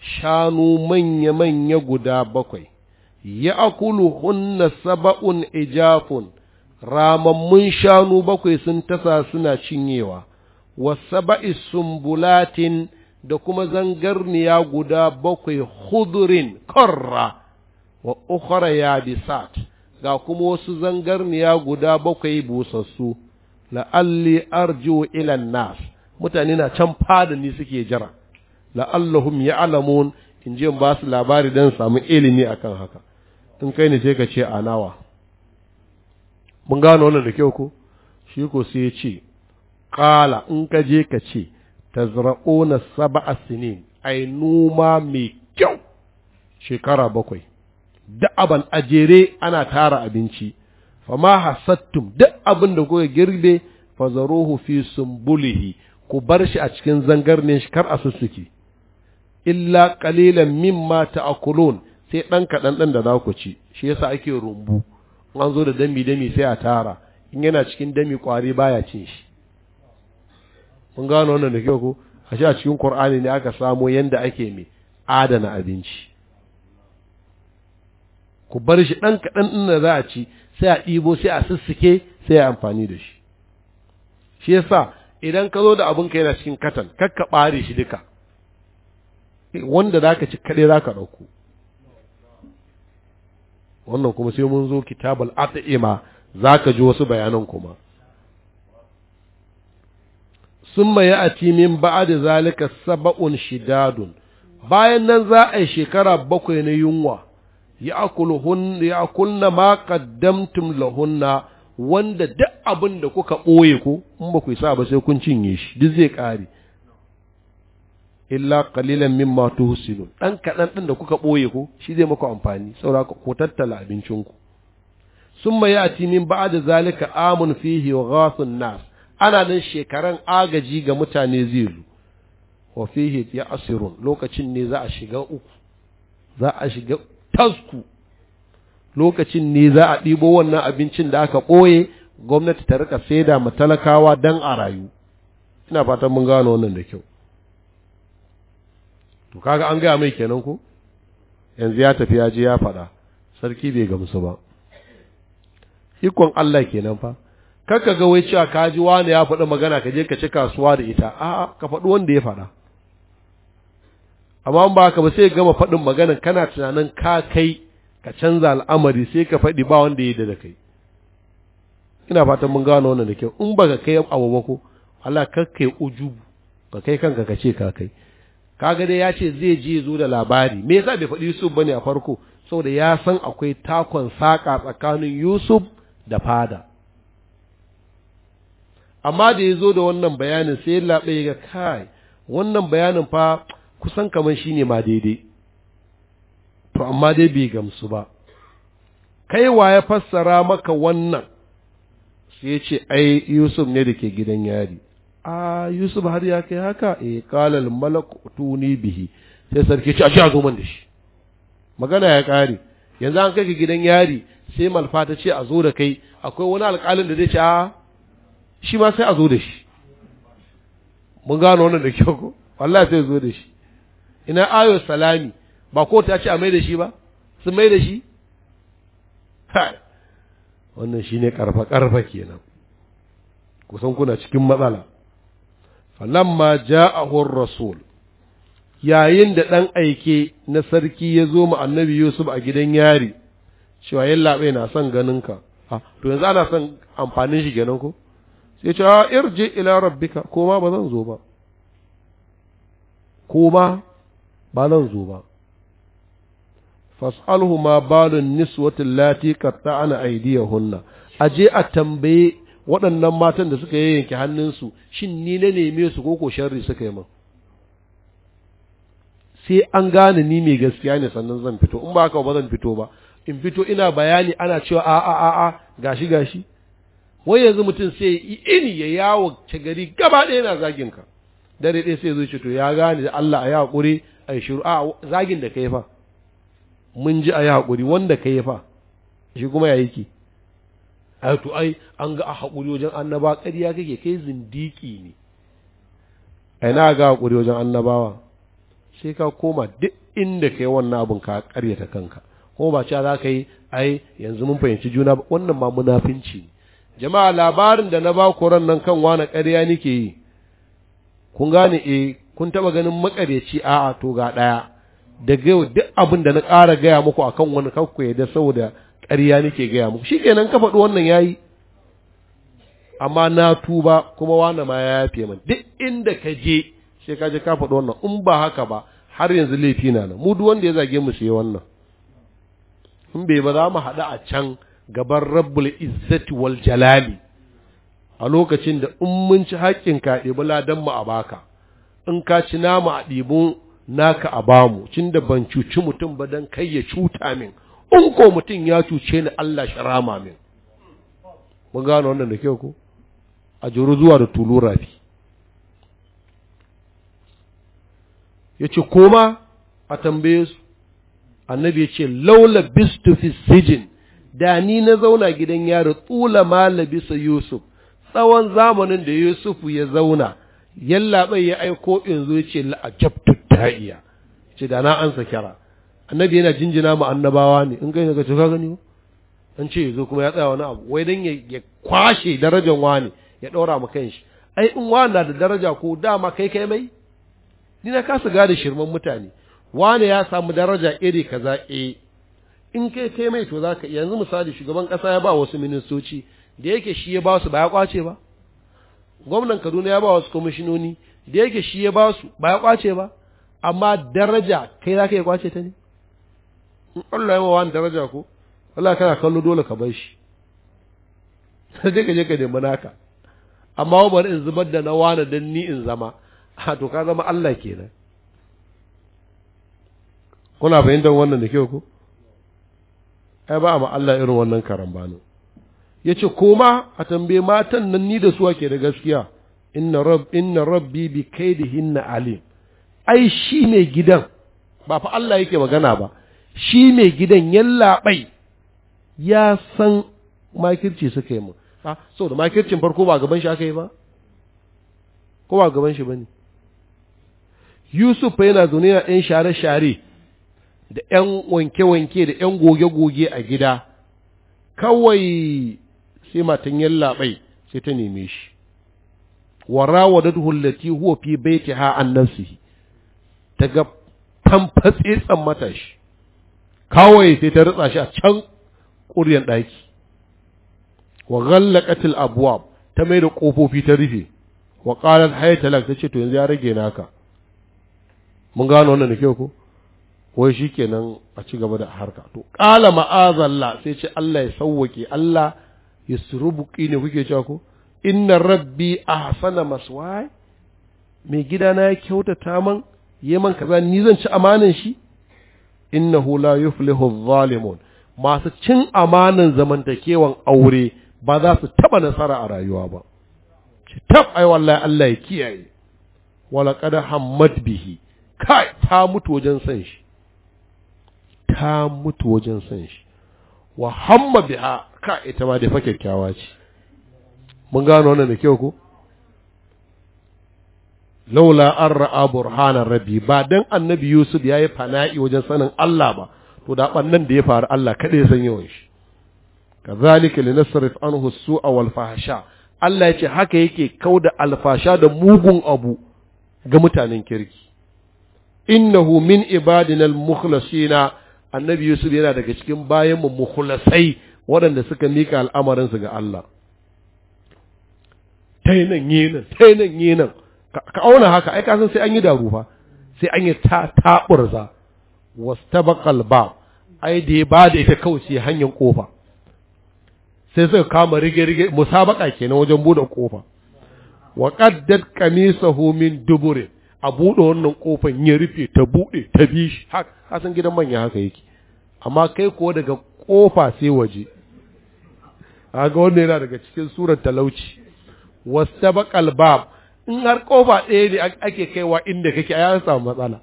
shanu manya-manya guda bakwai ya akulu hunna saba'un ijafun ramammun shanu bakwai sun tasa suna cinyewa wasaba'i sumbulatin da kuma zangarniya guda bakwai hudurin korra wa ukhra yabisat ga kuma wasu zangarniya guda bakwai busassu la'alli arju ila mutane na can fada ni suke jira la'allahum ya'lamun in je ba su labari dan samu ilimi akan haka in kai ne sai ce a nawa mun gano wannan da kyau ko shi sai ya ce ƙala in ka je ka ce ta sab'a a sinin ai noma mai kyau shekara bakwai da aban a jere ana tara abinci fama hasattum duk abin da kuka girbe fazaruhu fi sumbulihi ku bar shi a cikin zangar shi kar a sussuke illa qalilan a kulon sai ɗan kaɗan ɗan da za ku ci shi yasa ake rumbu an zo da dami dami sai a tara in yana cikin dami kwari baya cin shi mun gano wannan da kyau ko shi a cikin Qur'ani ne aka samo yanda ake mai adana abinci ku bar shi ɗan kaɗan ɗin da za a ci sai a ɗibo sai a sussuke sai a amfani da shi shi yasa idan ka zo da abinka yana cikin katan kakka ɓare shi duka wanda za ka ci kaɗai za ka ɗauko wannan kuma sai mun zo kitabul at'ima za ka ji wasu bayanan kuma summa ya'ti min ba'da zalika sab'un shidadun bayan nan za a yi shekara bakwai na yunwa ya'kulna ma qaddamtum lahunna wanda duk abin da kuka ɓoye ko in ba ku sa ba sai kun cinye shi duk zai ƙare illa qalilan mimma tuhsinun dan kadan din da kuka ɓoye ko shi zai muku amfani saura ku tattala abincinku summa ya'ti min ba'da zalika amun fihi wa ghasun nas ana nan shekaran agaji ga mutane zai zo. wa fihi ya asirun lokacin ne za a shiga uku za a shiga tasku lokacin ne za a ɗibo wannan abincin da aka ɓoye gwamnati ta rika saida ma talakawa dan a rayu ina fatan mun gano wannan da kyau to kaga an gaya mai kenan ko yanzu ya tafi ya je ya faɗa sarki bai gamsu ba ikon Allah kenan fa kaka ga wai cewa ka ji wani ya faɗi magana ka je ka ci kasuwa da ita a'a ka faɗi wanda ya faɗa amma ba ka ba sai gama faɗin maganan kana tunanin ka kai ka canza al'amari sai ka faɗi ba wanda ya da kai ina fatan mun gano wannan da kyau in ba ka kai abu ba ko Allah ka kai ujubu ka kai kanka ka ce ka kai kaga dai ya ce zai je zo da labari me yasa bai faɗi Yusuf bane a farko saboda ya san akwai takon saka tsakanin Yusuf da fada amma da ya zo da wannan bayanin sai ya laɓe ga kai wannan bayanin fa kusan kamar shi ne ma daidai to amma dai bai gamsu ba kai wa ya fassara maka wannan sai ya ce ai yusuf ne da ke gidan yari a yusuf har ya kai haka eh kalal malak tuni bihi sai sarki ce a a zo man da shi magana ya ƙare yanzu an kai ka gidan yari sai malfa ta ce a zo da kai akwai wani alƙalin da zai ce a shi ma sai a zo da shi mun gano wannan da kyau ko wallahi sai zo da shi ina ayo salami ba ko ta ce a mai da shi ba sun mai da shi wannan shine karfa karfa kenan kusan kuna cikin matsala falamma ja'ahu rasul yayin da dan aike na sarki ya zo mu annabi yusuf a gidan yari cewa yalla bai na son ganin ka ah, to yanzu ana son amfanin shi kenan ko sai ce a irji ila rabbika ko ma ba zan zo ba ko ma ba zan zo ba fas'alhu ma balun niswatin lati qatta'ana aydiyahunna aje a tambaye waɗannan matan da suka yanke hannunsu shin ni na neme su ko ko sharri suka yi min sai an gane ni mai gaskiya ne sannan zan fito in ba haka ba zan fito ba in fito ina bayani ana cewa a a a a gashi gashi wai yanzu mutum sai yi ini ya yawo ta gari gaba ɗaya yana zagin ka dare ɗaya sai zo ce to ya gane da Allah a yi hakuri a yi shiru a zagin da kai fa mun ji a yi hakuri wanda kai fa shi kuma ya yi ki a to ai an ga a haƙuri wajen annaba ƙarya kake kai zindiki ne ai na ga haƙuri wajen annabawa sai ka koma duk inda kai wannan abin ka ƙaryata kanka kuma ba cewa za ka yi ai yanzu mun fahimci juna ba wannan ma munafinci ne jama'a labarin da na ba ku ran nan kan wani ƙarya nake yi kun gane eh kun taba ganin makareci a'a to ga ɗaya daga duk abin da na ƙara gaya muku akan wani kakku ya da saboda ƙarya nake gaya muku kenan ka faɗi wannan yayi amma na tuba kuma wani ma ya yafe min duk inda ka je sai ka je ka faɗi wannan in ba haka ba har yanzu laifi na nan mu duk wanda ya zage mu sai wannan in bai ba za mu haɗu a can gaban rabbul izzati wal jalali a lokacin da in mun ci haƙƙin ka ɗebi ladan mu a baka in ka ci nama a ɗibu naka a bamu cin da ban cuci mutum ba dan kai ya cuta min in ko mutum ya cuce ni Allah shi rama min mun gano wannan da kyau ko a juru zuwa da tulu rafi ya ce koma a tambaye su annabi ya ce laula bistu fi sijin da ni na zauna gidan yaro tsula malabisa Yusuf tsawon zamanin da Yusuf ya zauna bai ya aiko in zo ce ajabtu ta'iya ce da na ansa kira annabi yana jinjina mu annabawa ne in kai ga ka gani an ce yazo kuma ya tsaya wani abu wai dan ya kwashe darajar wani ya daura mu shi. ai in wani da daraja ko dama kai kai mai ni na kasa gada shirman mutane wani ya samu daraja iri kaza eh in kai kai mai to zaka yanzu misali shugaban kasa ya ba wasu ministoci da yake shi ya ba su ba ya kwace ba gwamnan Kaduna ya ba wasu kwamishinoni da yake shi ya ba su ba ya kwace ba amma daraja kai zaka ya kwace ta ne in Allah ya wani daraja ko Allah kana kallo dole ka bar shi (laughs) sai ka je ka nemi naka amma bari in zubar da na wani dan ni in zama (laughs) a to ka zama Allah kenan kuna fahimtar wannan da kyau ko ai ba ma Allah irin wannan karambano ya ce koma a tambaye matan nan ni da su ake da gaskiya inna rab inna rabbi bi na alim ai shi ne gidan ba fa Allah yake magana ba shi ne gidan labai. ya san makirci suka yi mu ha so da makircin farko ba gaban shi aka yi ba ko ba gaban shi bane Yusuf yana zaune in share-share da 'yan wanke-wanke da 'yan goge-goge a gida kawai sai matan labai sai ta neme shi wa rawadatuhu allati huwa fi baitiha an nafsihi ta ga fanfatsetsan shi. kawai sai ta ritsa shi a can ƙuryan ɗaki wa ghallaqatil abwab ta mai da ƙofofi ta rufe wa qalat hayya talak tace to yanzu ya rage naka mun gano wannan da kyau ko wai shi kenan a ci gaba da harka to ƙala ma'azalla sai ce Allah ya sauwake Allah ya surubuki ne kuke cewa ko inna rabbi ahsana maswai mai gidana ya kyautata man yi man kaza ni zan ci amanan shi innahu la yuflihu zalimun masu cin amanan zamantakewan aure ba za su taba nasara a rayuwa ba ci tab ai wallahi Allah ya kiyaye wala qad hammat bihi kai ta mutu wajen san shi Ka mutu wajen san shi wa hamma ka ita ma da fa kyakkyawa ce mun gano wannan da kyau ko laula an ra'a burhanan rabbi ba dan annabi yusuf yayi fana'i wajen sanin Allah ba to da bannan da ya faru Allah kada ya san yawan shi kazalika linasrif anhu su'a wal fahsha Allah ya ce haka yake kauda alfasha da mugun abu ga mutanen kirki innahu min ibadinal al-mukhlasina annabi yusuf yana daga cikin bayan mu mukhlasai waɗanda suka mika al'amarin ga Allah tai nan yi nan nan ka auna haka ai ka sai an yi daru fa sai an yi ta taburza wastabaqal ba ai da ya bada ita kawai hanyar kofa sai suka kama rige-rige musabaka kenan wajen bude kofa wa qaddat qamisahu min duburin a buɗe wannan kofan ya rufe ta buɗe ta bi shi haka san gidan manya haka yake amma kai ko daga kofa sai waje ga wannan yana daga cikin surar talauci wastabaqal bab in har ƙofa ɗaya ne ake kaiwa inda kake a samu matsala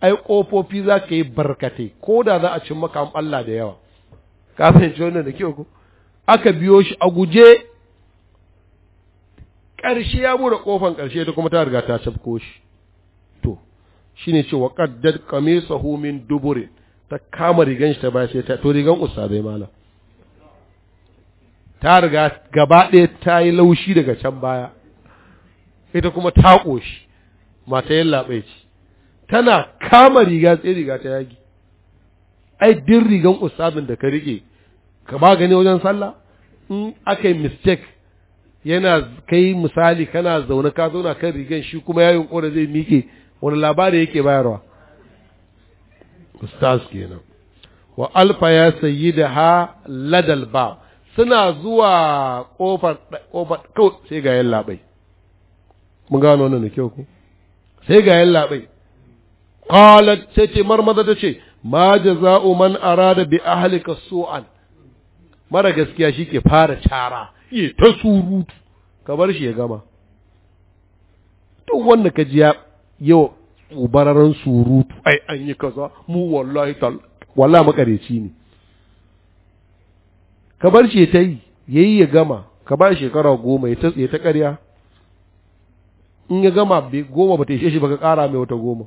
ai kofofi za ka yi barkatai ko da za a ci maka Allah da yawa ka fahimci wannan da kyau ko aka biyo shi a guje ƙarshe ya bude kofan ƙarshe ta kuma ta riga ta cafko shi shine ce wa qaddad qamisahu min duburin ta kama rigan shi ta baya sai ta to rigan ustazai malam ta riga gaba ɗaya ta yi laushi daga can baya ita kuma ta ƙoshi mata yin labai ci tana kama riga sai riga ta yagi ai din rigan ustazin da ka rike ka ba gani wajen sallah in aka yi mistake yana kai misali kana zaune ka zauna kan rigan shi kuma yayin yunkura zai mike wani labari yake bayarwa ustaz kenan wa alfa ya sayi da ha ladal ba suna zuwa kofar kofar kawai sai ga yan labai mun gano wannan da kyau ko sai ga yan labai qalat sai ce marmaza ta ce ma jaza'u man arada bi ahlika su'an mara gaskiya shike fara cara yi ta surutu ka bar shi ya gama duk wanda ka ji ya yau ubararen surutu ai an yi kaza mu wallahi tal wallahi makareci ne ka bar shi ta yi yayi ya gama ka ba shekara goma ya ta ƙarya. in ya gama goma ba ta ishe shi ba ka kara mai wata goma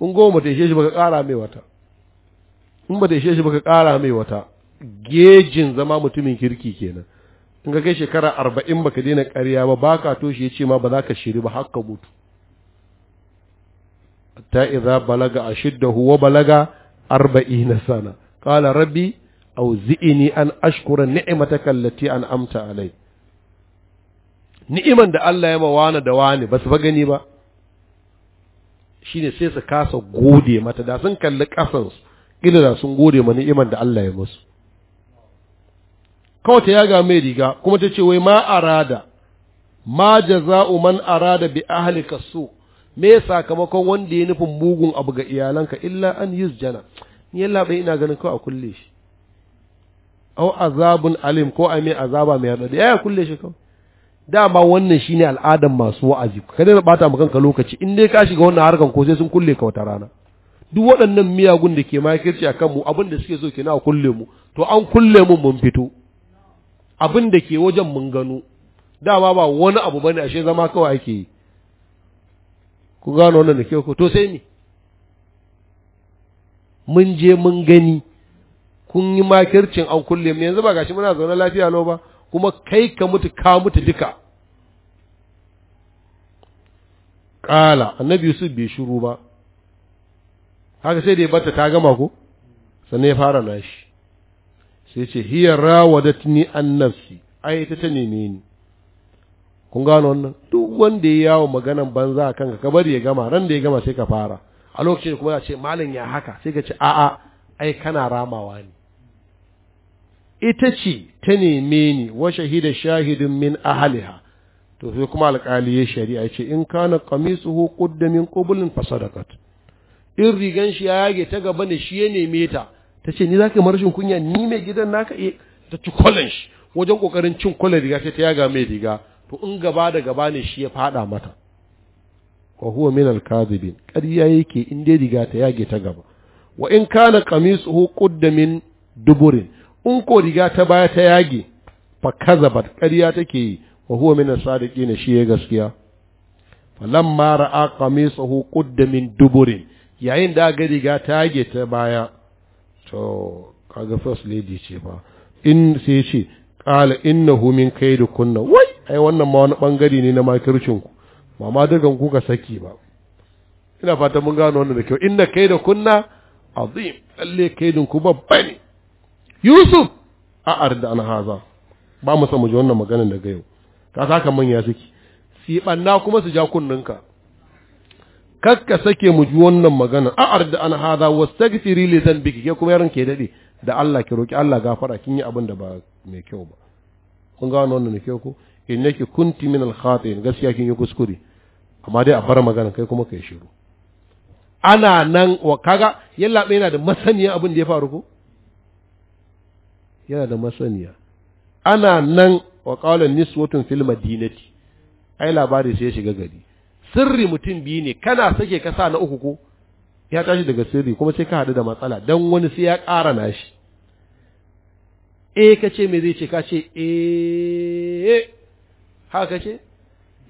in goma ba ta ishe shi ba ka kara mai wata in ba ta ishe shi ba ka kara mai wata gejin zama mutumin kirki kenan in ka kai shekara arba'in baka daina karya ba baka toshe ya ce ma ba za ka shiri ba har ka mutu ta idza balaga ashiddahu wa balaga arba'ina sana qala rabbi auzi'ini an ashkura ni'mataka allati an'amta alai ni'iman da Allah ya mawana da wani ba su ba gani shine sai su kasa gode mata da sun kalli kasan su kila da sun gode ma ni'iman da Allah ya musu kawai ta yaga mai riga kuma ta ce wai ma arada ma jaza'u man arada bi ahlika su me sakamakon wanda ya nufin mugun abu ga iyalanka illa an jana? ni yalla bai ina ganin kawai a kulle shi aw azabun alim ko a mai azaba mai haɗari ya kulle shi kawai dama wannan shine al'adan masu wa'azi ka daina bata maka kanka lokaci in dai ka shiga wannan harkan ko sai sun kulle ka wata rana duk waɗannan miyagun da ke makirci akan mu abin da suke so ke na kulle mu to an kulle mu mun fito abin da ke wajen mun gano dama ba wani abu bane ashe zama kawai ake yi ku gano wannan da kyau to sai ni mun je mun gani kun yi makircin an kulle yanzu ba gashi muna zaune lafiya lau ba kuma kai ka mutu ka mutu duka kala annabi yusuf bai shiru ba haka sai da ya bata ta gama ko sannan ya fara nashi sai ce hiya rawadatni an nafsi ai ta ta neme ni kun gano wannan duk wanda ya yawo maganan banza a kanka ka bari ya gama ran da ya gama sai ka fara a lokacin kuma ya ce malam ya haka sai ka ce a'a ai kana ramawa ne ita ce ta neme ni wa shahida shahidin min ahliha to sai kuma alƙali ya shari'a ce in kana qamisuhu qudda min qublin fasadaqat in rigan shi ya yage ta gaba ne shi ya neme ta ta ce ni zaka yi marashin kunya ni mai gidan naka eh, ta ci kwalan wajen kokarin cin kwalan riga sai ta yaga mai riga to in gaba da gaba ne shi ya fada mata wa huwa min al-kadhibin ƙarya yake in dai riga ta yage ta gaba wa in kana qamisuhu qudda min duburin in ko riga ta baya ta yage fa kazabat ƙarya take yi wa huwa min as-sadiqin shi ya gaskiya falamma ra'a qamisuhu qudda min duburin yayin da ga riga ta yage ta baya to kaga first lady ce ba in sai ce qala innahu min kaidukunna wai ai wannan ma wani bangare ne na makircin ku ba ma dukan ku ka saki ba ina fatan mun gano wannan da kyau inna da kunna azim lalle din ku babba ne yusuf a arda an haza ba mu san ji wannan maganar daga yau ka saka manya suke si banna kuma su ja kunninka kakka sake mu ji wannan magana a arda an haza wastagfiri li zanbiki ke kuma yaron ke dade da Allah ki roki Allah gafara kin yi abin da ba mai kyau ba kun gano wannan ne kyau ko innaki kunti min al gaskiya kin yi kuskure amma dai a bar magana kai kuma kai shiru ana nan wa kaga yallaɓe yana da masaniya abin da ya faru ko yana da masaniya ana nan wa qala niswatun fil madinati ai labari sai ya shiga gari sirri mutum biyu ne kana sake ka sa na uku ko ya tashi daga sirri kuma sai ka hadu da matsala dan wani sai ya ƙara nashi eh ka ce me zai ce ka ce eh haka kake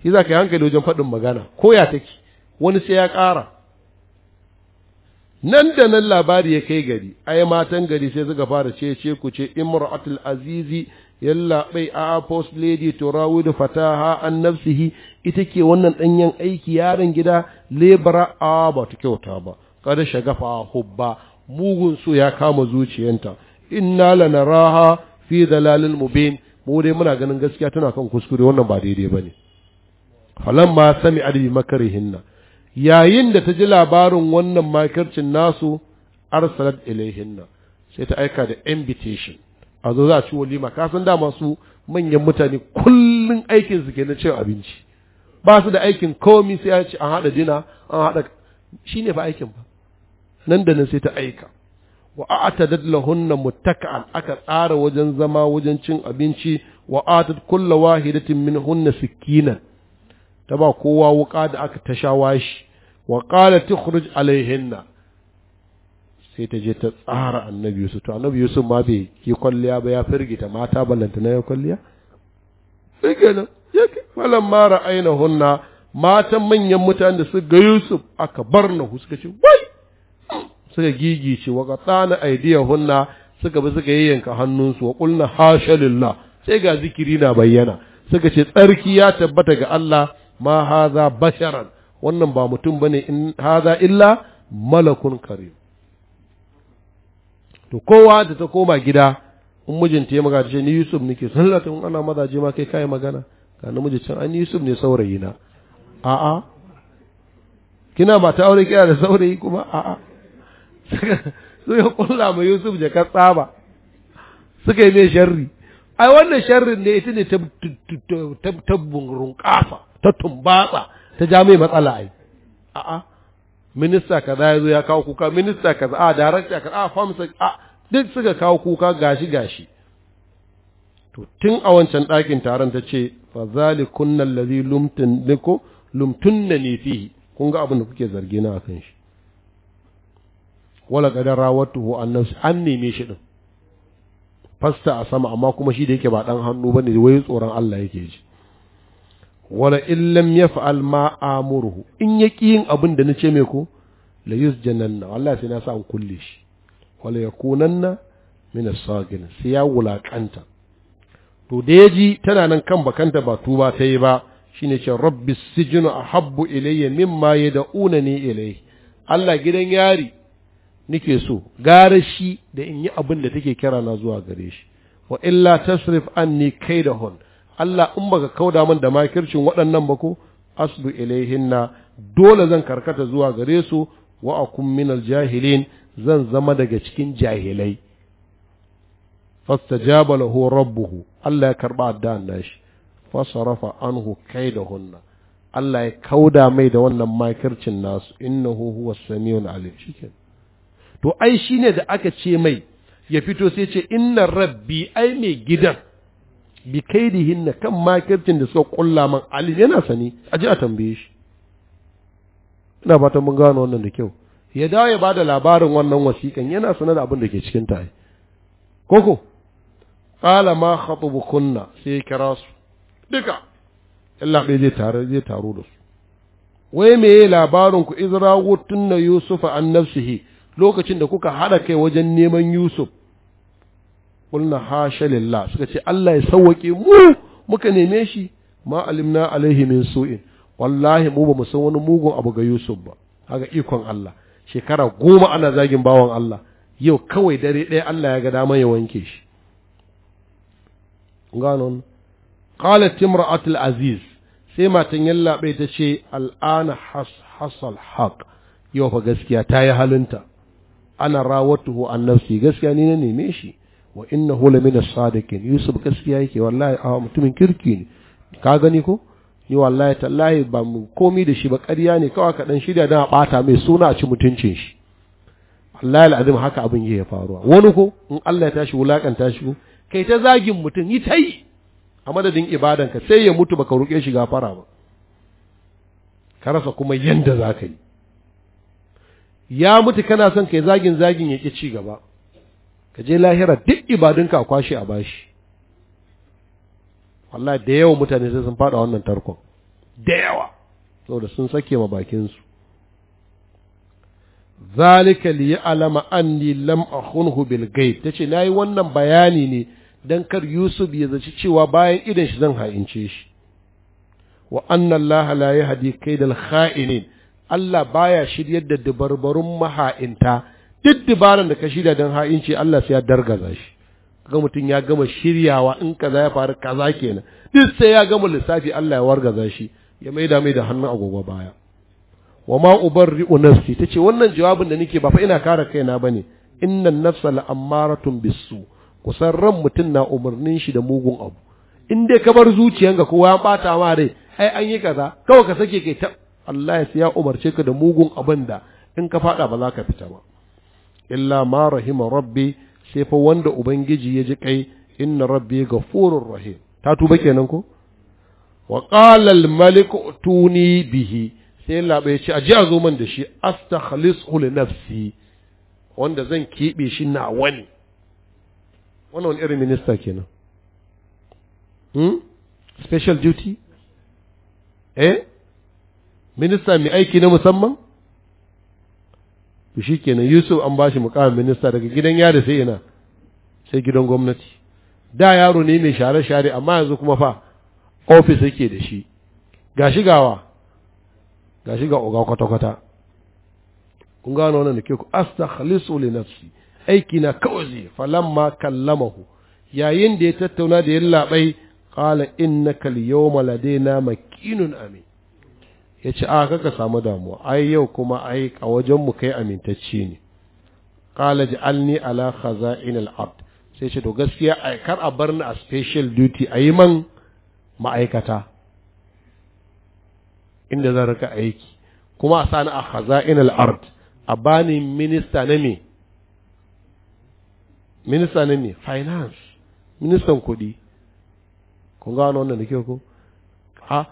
shi za ka yi hankali wajen faɗin magana ko ya take wani sai ya ƙara nan da nan labari ya kai gari ai matan gari sai suka fara ce ce ku ce imra'atul azizi yalla bai a post lady rawid fataha an nafsihi ita ke wannan danyen aiki yaron gida lebra a ba ta kyauta ba kada shagafa hubba mugun su ya kama zuciyanta inna lanaraha fi dalalil mubin mu dai muna ganin gaskiya tana kan kuskure wannan ba daidai ba ne falamma sami alibi makarihinna yayin da ta ji labarin wannan makarcin nasu arsalat ilaihinna sai ta aika da invitation a zo za a ci walima ka san dama su manyan mutane kullun aikin su na cin abinci ba su da aikin komi sai a ci an haɗa dina an haɗa shine fa aikin ba nan da nan sai ta aika wa a'tadat lahunna muttaka'an aka tsara wajen zama wajen cin abinci wa atat kullu wahidatin minhunna sikinan ta ba kowa wuka da aka ta shawashi wa qala tukhruj Alayhinna sai ta je ta tsara annabi yusuf to annabi yusuf ma bai ki kwalliya ba ya firgita mata ballanta na ya kwalliya sai kenan yake malam mara aina hunna matan manyan mutanen da su ga yusuf aka bar na suka ce wai suka gigice wa qatsana aidiyahunna suka bi suka yayyanka hannunsu wa qulna hasha lillah sai ga zikiri na bayyana suka ce tsarki ya tabbata ga Allah ma haza basharan wannan ba mutum bane in haza illa malakun karim to kowa da ta koma gida in mijinta ya magana ce ni Yusuf nake sallata in ana mazaje ma kai kai magana ga namiji can an Yusuf ne saurayi na a'a kina ba ta aure kina da saurayi kuma a'a suka kulla ma Yusuf ka tsaba suka yi mai sharri ai wannan sharrin ne ita ne ta runƙasa ta tumbatsa ta ja mai matsala ai a'a minista kaza ya zo ya kawo kuka minista kaza a darakta kaza a famsa a duk suka kawo kuka gashi gashi to tun a wancan ɗakin taron ta ce fa zalikunna allazi lumtun liku ni fihi kun ga abin da kuke zargi na akan shi wala ƙadar rawatuhu an nafsi an neme shi ɗin fasta a sama amma kuma shi da yake ba ɗan hannu bane wai tsoron Allah yake ji wala illam lam yaf'al ma amuruhu in yaki yin abin da nace mai ko la yusjananna Allah sai na sa an kulle shi wala yakunanna min as-sagin sai ya wulakanta to da yaji tana nan kan bakanta ba tuba ta yi ba shine ce rabbi sijinu ahabbu ilayya mimma yad'unani ilayhi Allah gidan yari nake so gara shi da in yi abin da take kira na zuwa gare shi wa illa tasrif da kaidahun Allah in baka kauda min da makircin waɗannan ba ko asbu ilaihinna dole zan karkata zuwa gare su wa akum min jahilin zan zama daga cikin jahilai fastajaba lahu rabbuhu Allah ya karba addan nashi fasarafa anhu kaidahunna Allah ya kauda mai da wannan makircin nasu innahu huwas samiul alim shikenan to ai shi ne da aka ce mai ya fito sai ce inna rabbi ai mai gidan bi kaidihin na kan makircin da suka kulla man ali yana sani a ji a tambaye shi ina fatan mun gano wannan da kyau ya dawo ya bada labarin wannan wasiƙan yana sanar da abin da ke cikin ta koko qala ma kunna sai kira su duka illa bai zai tare zai taro da su wai me labarin ku izra wutunna yusufa an nafsihi lokacin da kuka haɗa kai wajen neman Yusuf kulna hasha lillah suka ce Allah ya sauwake mu muka neme shi ma alimna alaihi min su'in wallahi mu ba mu san wani mugun abu ga Yusuf ba haka ikon Allah shekara goma ana zagin bawan Allah yau kawai dare ɗaya Allah ya ga dama ya wanke shi gano Timur timra'atul aziz sai matan yallaɓe ta ce al'ana has hasal haq yau fa gaskiya ta yi halinta ana rawatuhu an nafsi gaskiya ni na neme shi wa inna hula min sadiqin yusuf gaskiya yake wallahi a mutumin kirki ne ka gani ko ni wallahi tallahi ba mu komi da shi ba ƙarya ne kawai ka dan shirya dan a bata mai suna a ci mutuncin shi wallahi alazim haka abin ya faruwa wani ko in Allah ya tashi wulakanta shi kai ta zagin mutum yi ta yi a madadin ibadanka sai ya mutu baka ruke shi gafara ba ka rasa kuma yanda zaka yi ya mutu kana son kai zagin zagin ya ƙi ci gaba ka je lahira duk ibadunka a kwashe a bashi wallahi da yawa mutane sai sun faɗa wannan tarkon da yawa saboda sun sake ma bakinsu zalika li alama anni lam akhunhu bil ghaib tace nayi wannan bayani ne dan kar Yusuf ya zaci cewa bayan idan shi zan ha'ince shi wa anna allaha la yahdi kaidal kha'inin Allah baya shiryar da dubarbarun maha'inta duk dubaran da ka shirya don ha'inci Allah sai ya dargaza shi ga mutum ya gama shiryawa in kaza ya faru kaza kenan duk sai ya gama lissafi Allah ya wargaza shi ya maida mai da hannun agogo baya wa ma ubarri'u nafsi tace wannan jawabin da nake ba fa ina kare kaina bane innan nafsa la'ammaratun bisu kusan ran mutum na umarnin shi da mugun abu in dai ka bar zuciyanka kowa ya bata ma rai ai an yi kaza kawai ka sake kai Allah ya umarce ka da mugun abin da in ka faɗa ba za ka fita ba illa ma rahima rabbi sai fa wanda ubangiji ya ji kai inna rabbi ghafurur rahim ta tuba kenan ko wa qala malik tuni bihi sai labe shi aje a zo man da shi astakhlisu li nafsi wanda zan kebe shi na wani wannan wani irin minista kenan hmm special duty eh minista mai aiki na musamman shi kenan Yusuf an bashi mukamin minista daga gidan yari sai ina sai gidan gwamnati da yaro ne mai share share amma yanzu kuma fa ofis yake da shi ga shigawa ga shiga oga kwata kwata kun gano wannan da ke ku astakhlisu li nafsi aiki na kawai zai falamma kallamahu yayin da ya tattauna da yallaɓai qala innaka al-yawma ladaina makinun amin ya ce a kaka samu damuwa ai yau kuma ai a wajenmu kai amintacci ne qala ja'alni ala khaza'in al-ard sai ce to gaskiya ai kar a bar ni a special duty yi man ma'aikata inda zan rika aiki kuma a sani a khaza'in al-ard a bani minista na me minista na me finance ministan kuɗi kun gano wannan da kyau ko a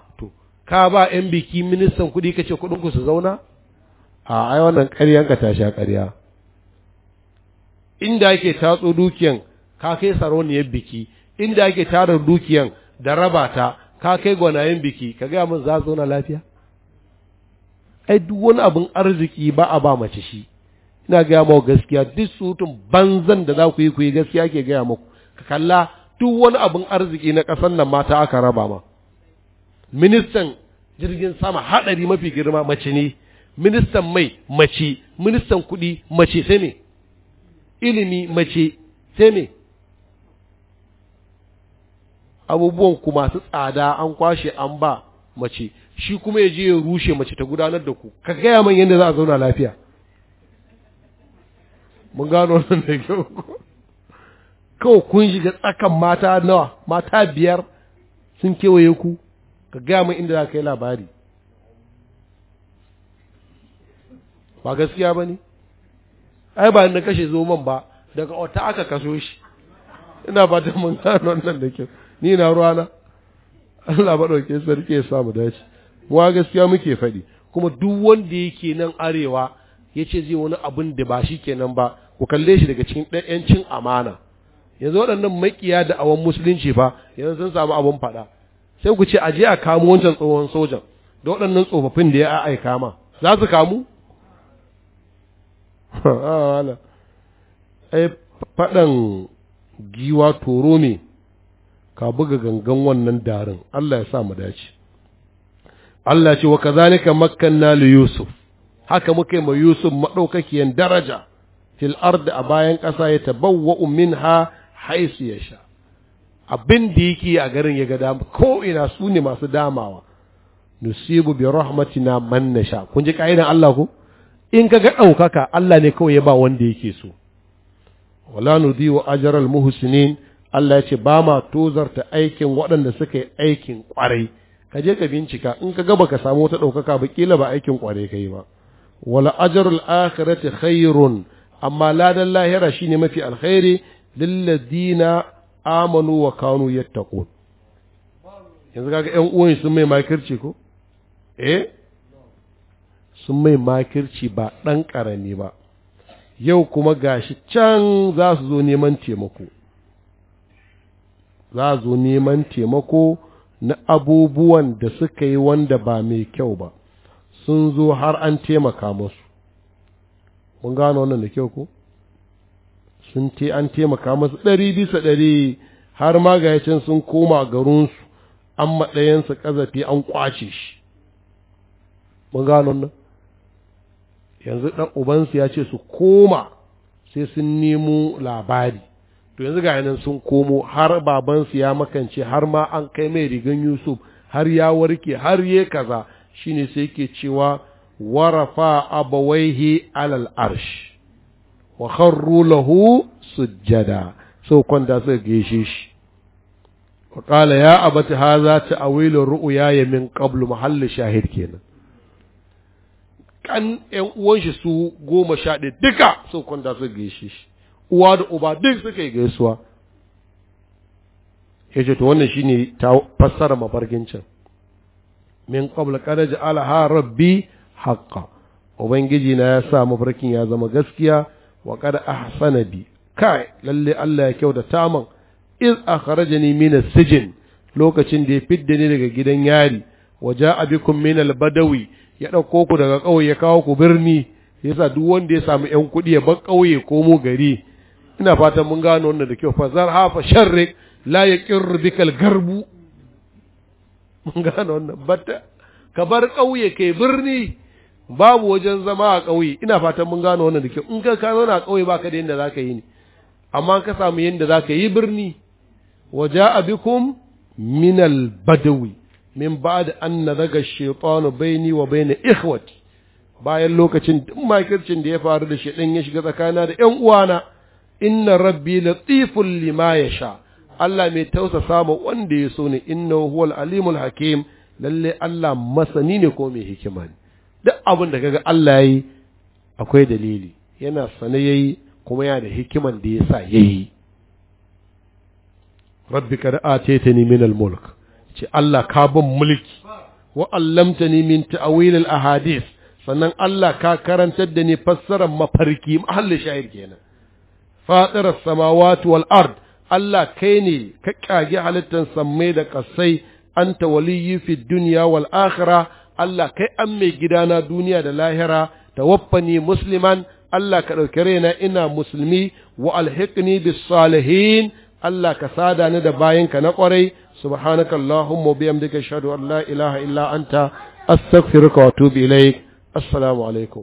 ka ba 'yan biki ministan kuɗi ka kuɗin ku su zauna a ai wannan ƙaryan ka tashi ƙarya inda ake tatso dukiyan ka kai saroniyar biki inda ake tara dukiyan da raba ta ka kai gwanayen biki ka gaya min za zauna lafiya ai duk wani abin arziki ba a ba mace shi ina gaya mawa gaskiya duk sutun banzan da za ku yi ku yi gaskiya ke gaya muku ka kalla duk wani abin arziki na ƙasar nan mata aka raba ma ministan jirgin sama haɗari mafi girma mace ne ministan mai mace ministan kuɗi mace sai ne ilimi mace sai ne abubuwan ku masu tsada an kwashe an ba mace shi kuma ya je ya rushe mace ta gudanar da ku ka gaya man yadda za a zauna lafiya mun gano nan da kyau kawai kun shiga tsakan mata nawa mata biyar sun kewaye ku ka gaya mun inda za ka yi labari ba gaskiya ba ne ai ba da kashe zoman ba daga wata aka kaso shi ina ba ta mun gano wannan da kyau ni na ruwana Allah ba ɗauke sarki ya samu dace wa gaskiya muke faɗi kuma duk wanda yake nan arewa ya ce zai wani abin da ba shi kenan ba ku kalle shi daga cikin ɗan cin amana yanzu waɗannan maƙiya da awon musulunci fa yanzu sun samu abin faɗa sai ku ce a je a kamo wancan tsohon sojan da waɗannan tsofaffin da ya aika ma za su kamu (laughs) ah, ai faɗan giwa toro ne ka buga gangan wannan darin Allah ya sa mu dace Allah ce wa kazalika makkanna li Yusuf haka muka yi ma Yusuf madaukakiyan daraja fil ard a bayan ƙasa ya tabawwa minha haisu yasha abin da yake a garin ya ga dama ko ina su ne masu damawa nusibu bi rahmatina man nasha kun ji ka'idan Allah ko in ka ga ɗaukaka Allah ne kawai ya ba wanda yake so wala nudiwa ajral muhsinin Allah ya ce ba ma tozarta aikin waɗanda suka yi aikin ƙwarai. ka je ka bincika in ka ga baka samu wata ɗaukaka ba kila ba aikin kwarai kai ba wala ajrul akhirati khairun amma ladan lahira shine mafi alkhairi lilladina amanu wa kanu yattaqun yanzu kaga ƴan uwan sun mai makirci ko eh sun mai makirci ba ɗan ƙarami ba yau kuma gashi can za su zo neman taimako za zo neman taimako na abubuwan da suka yi wanda ba mai kyau ba sun zo har an taimaka musu mun gano wannan da kyau ko sun te an taimaka masu ɗari bisa ɗari har magayacin sun koma garinsu an maɗayensa ƙazafi an ƙwace shi mun gano nan yanzu ɗan ubansu ya ce su koma sai sun nemo labari to yanzu ga yanan sun komo har babansu ya makance har ma an kai mai rigan yusuf har ya warke har ya kaza shine sai ke cewa warafa abawaihi alal arshi. wa kharru lahu sujjada so kwanta suka gaishe shi wa qala ya abati hadha ta'wilu ru'ya min qablu mahallu shahid kenan kan 'yan uwan shi su goma sha ɗaya duka so kwanta suka gaishe shi uwa da uba duk suka yi gaisuwa ya to wannan shine ta fassara mafarkin can min qabla qad ha rabbi haqqan ubangiji na ya sa mafarkin ya zama gaskiya wa qad ahsana bi kai lalle Allah ya kyauta taman iz akhrajani min as-sijn lokacin da ya fidda ni daga gidan yari wa ja'a bikum min al-badawi ya dauko ku daga kauye ya kawo ku birni yasa duk wanda ya samu yan kuɗi ya bar kauye ko mu gari ina fatan mun gano wannan da kyau fa zar hafa sharrik la yaqir bikal garbu mun gano wannan batta ka bar kauye kai birni babu wajen zama a ƙauye ina fatan mun gano wannan da kyau in ka kano na ƙauye baka da yadda zaka yi ne amma ka samu yadda zaka yi birni waja abikum min al badawi min ba'd an nadaga shaytan baini wa baina ikhwati bayan lokacin duk makircin da ya faru da shi ya shiga tsakana da ƴan uwana inna rabbi latiful lima yasha Allah mai tausasa ma wanda ya so ne innahu huwal alimul hakim lalle Allah masani ne ko mai hikima ne duk abin da kaga Allah ya yi akwai dalili yana sane yayi kuma yana da hikiman da yasa yayi rabbi kad ataytani min al-mulk ce Allah ka ban mulki wa ni min ta'wil al-ahadith sannan Allah ka karantar da ni fassarar mafarki mahallin shahir kenan fatirar samawati wal ard Allah kai ne ka kage halittar sammai da kasai anta waliyyi fi dunya wal akhirah Allah kai an mai gidana duniya da lahira waffani musliman Allah ka ɗauki raina ina musulmi wa alhiqni bis salihin Allah ka sada ni da bayanka na ƙwarai subhanaka allahumma bihamdika ashhadu an la ilaha illa anta astaghfiruka wa atubu ilaik assalamu alaikum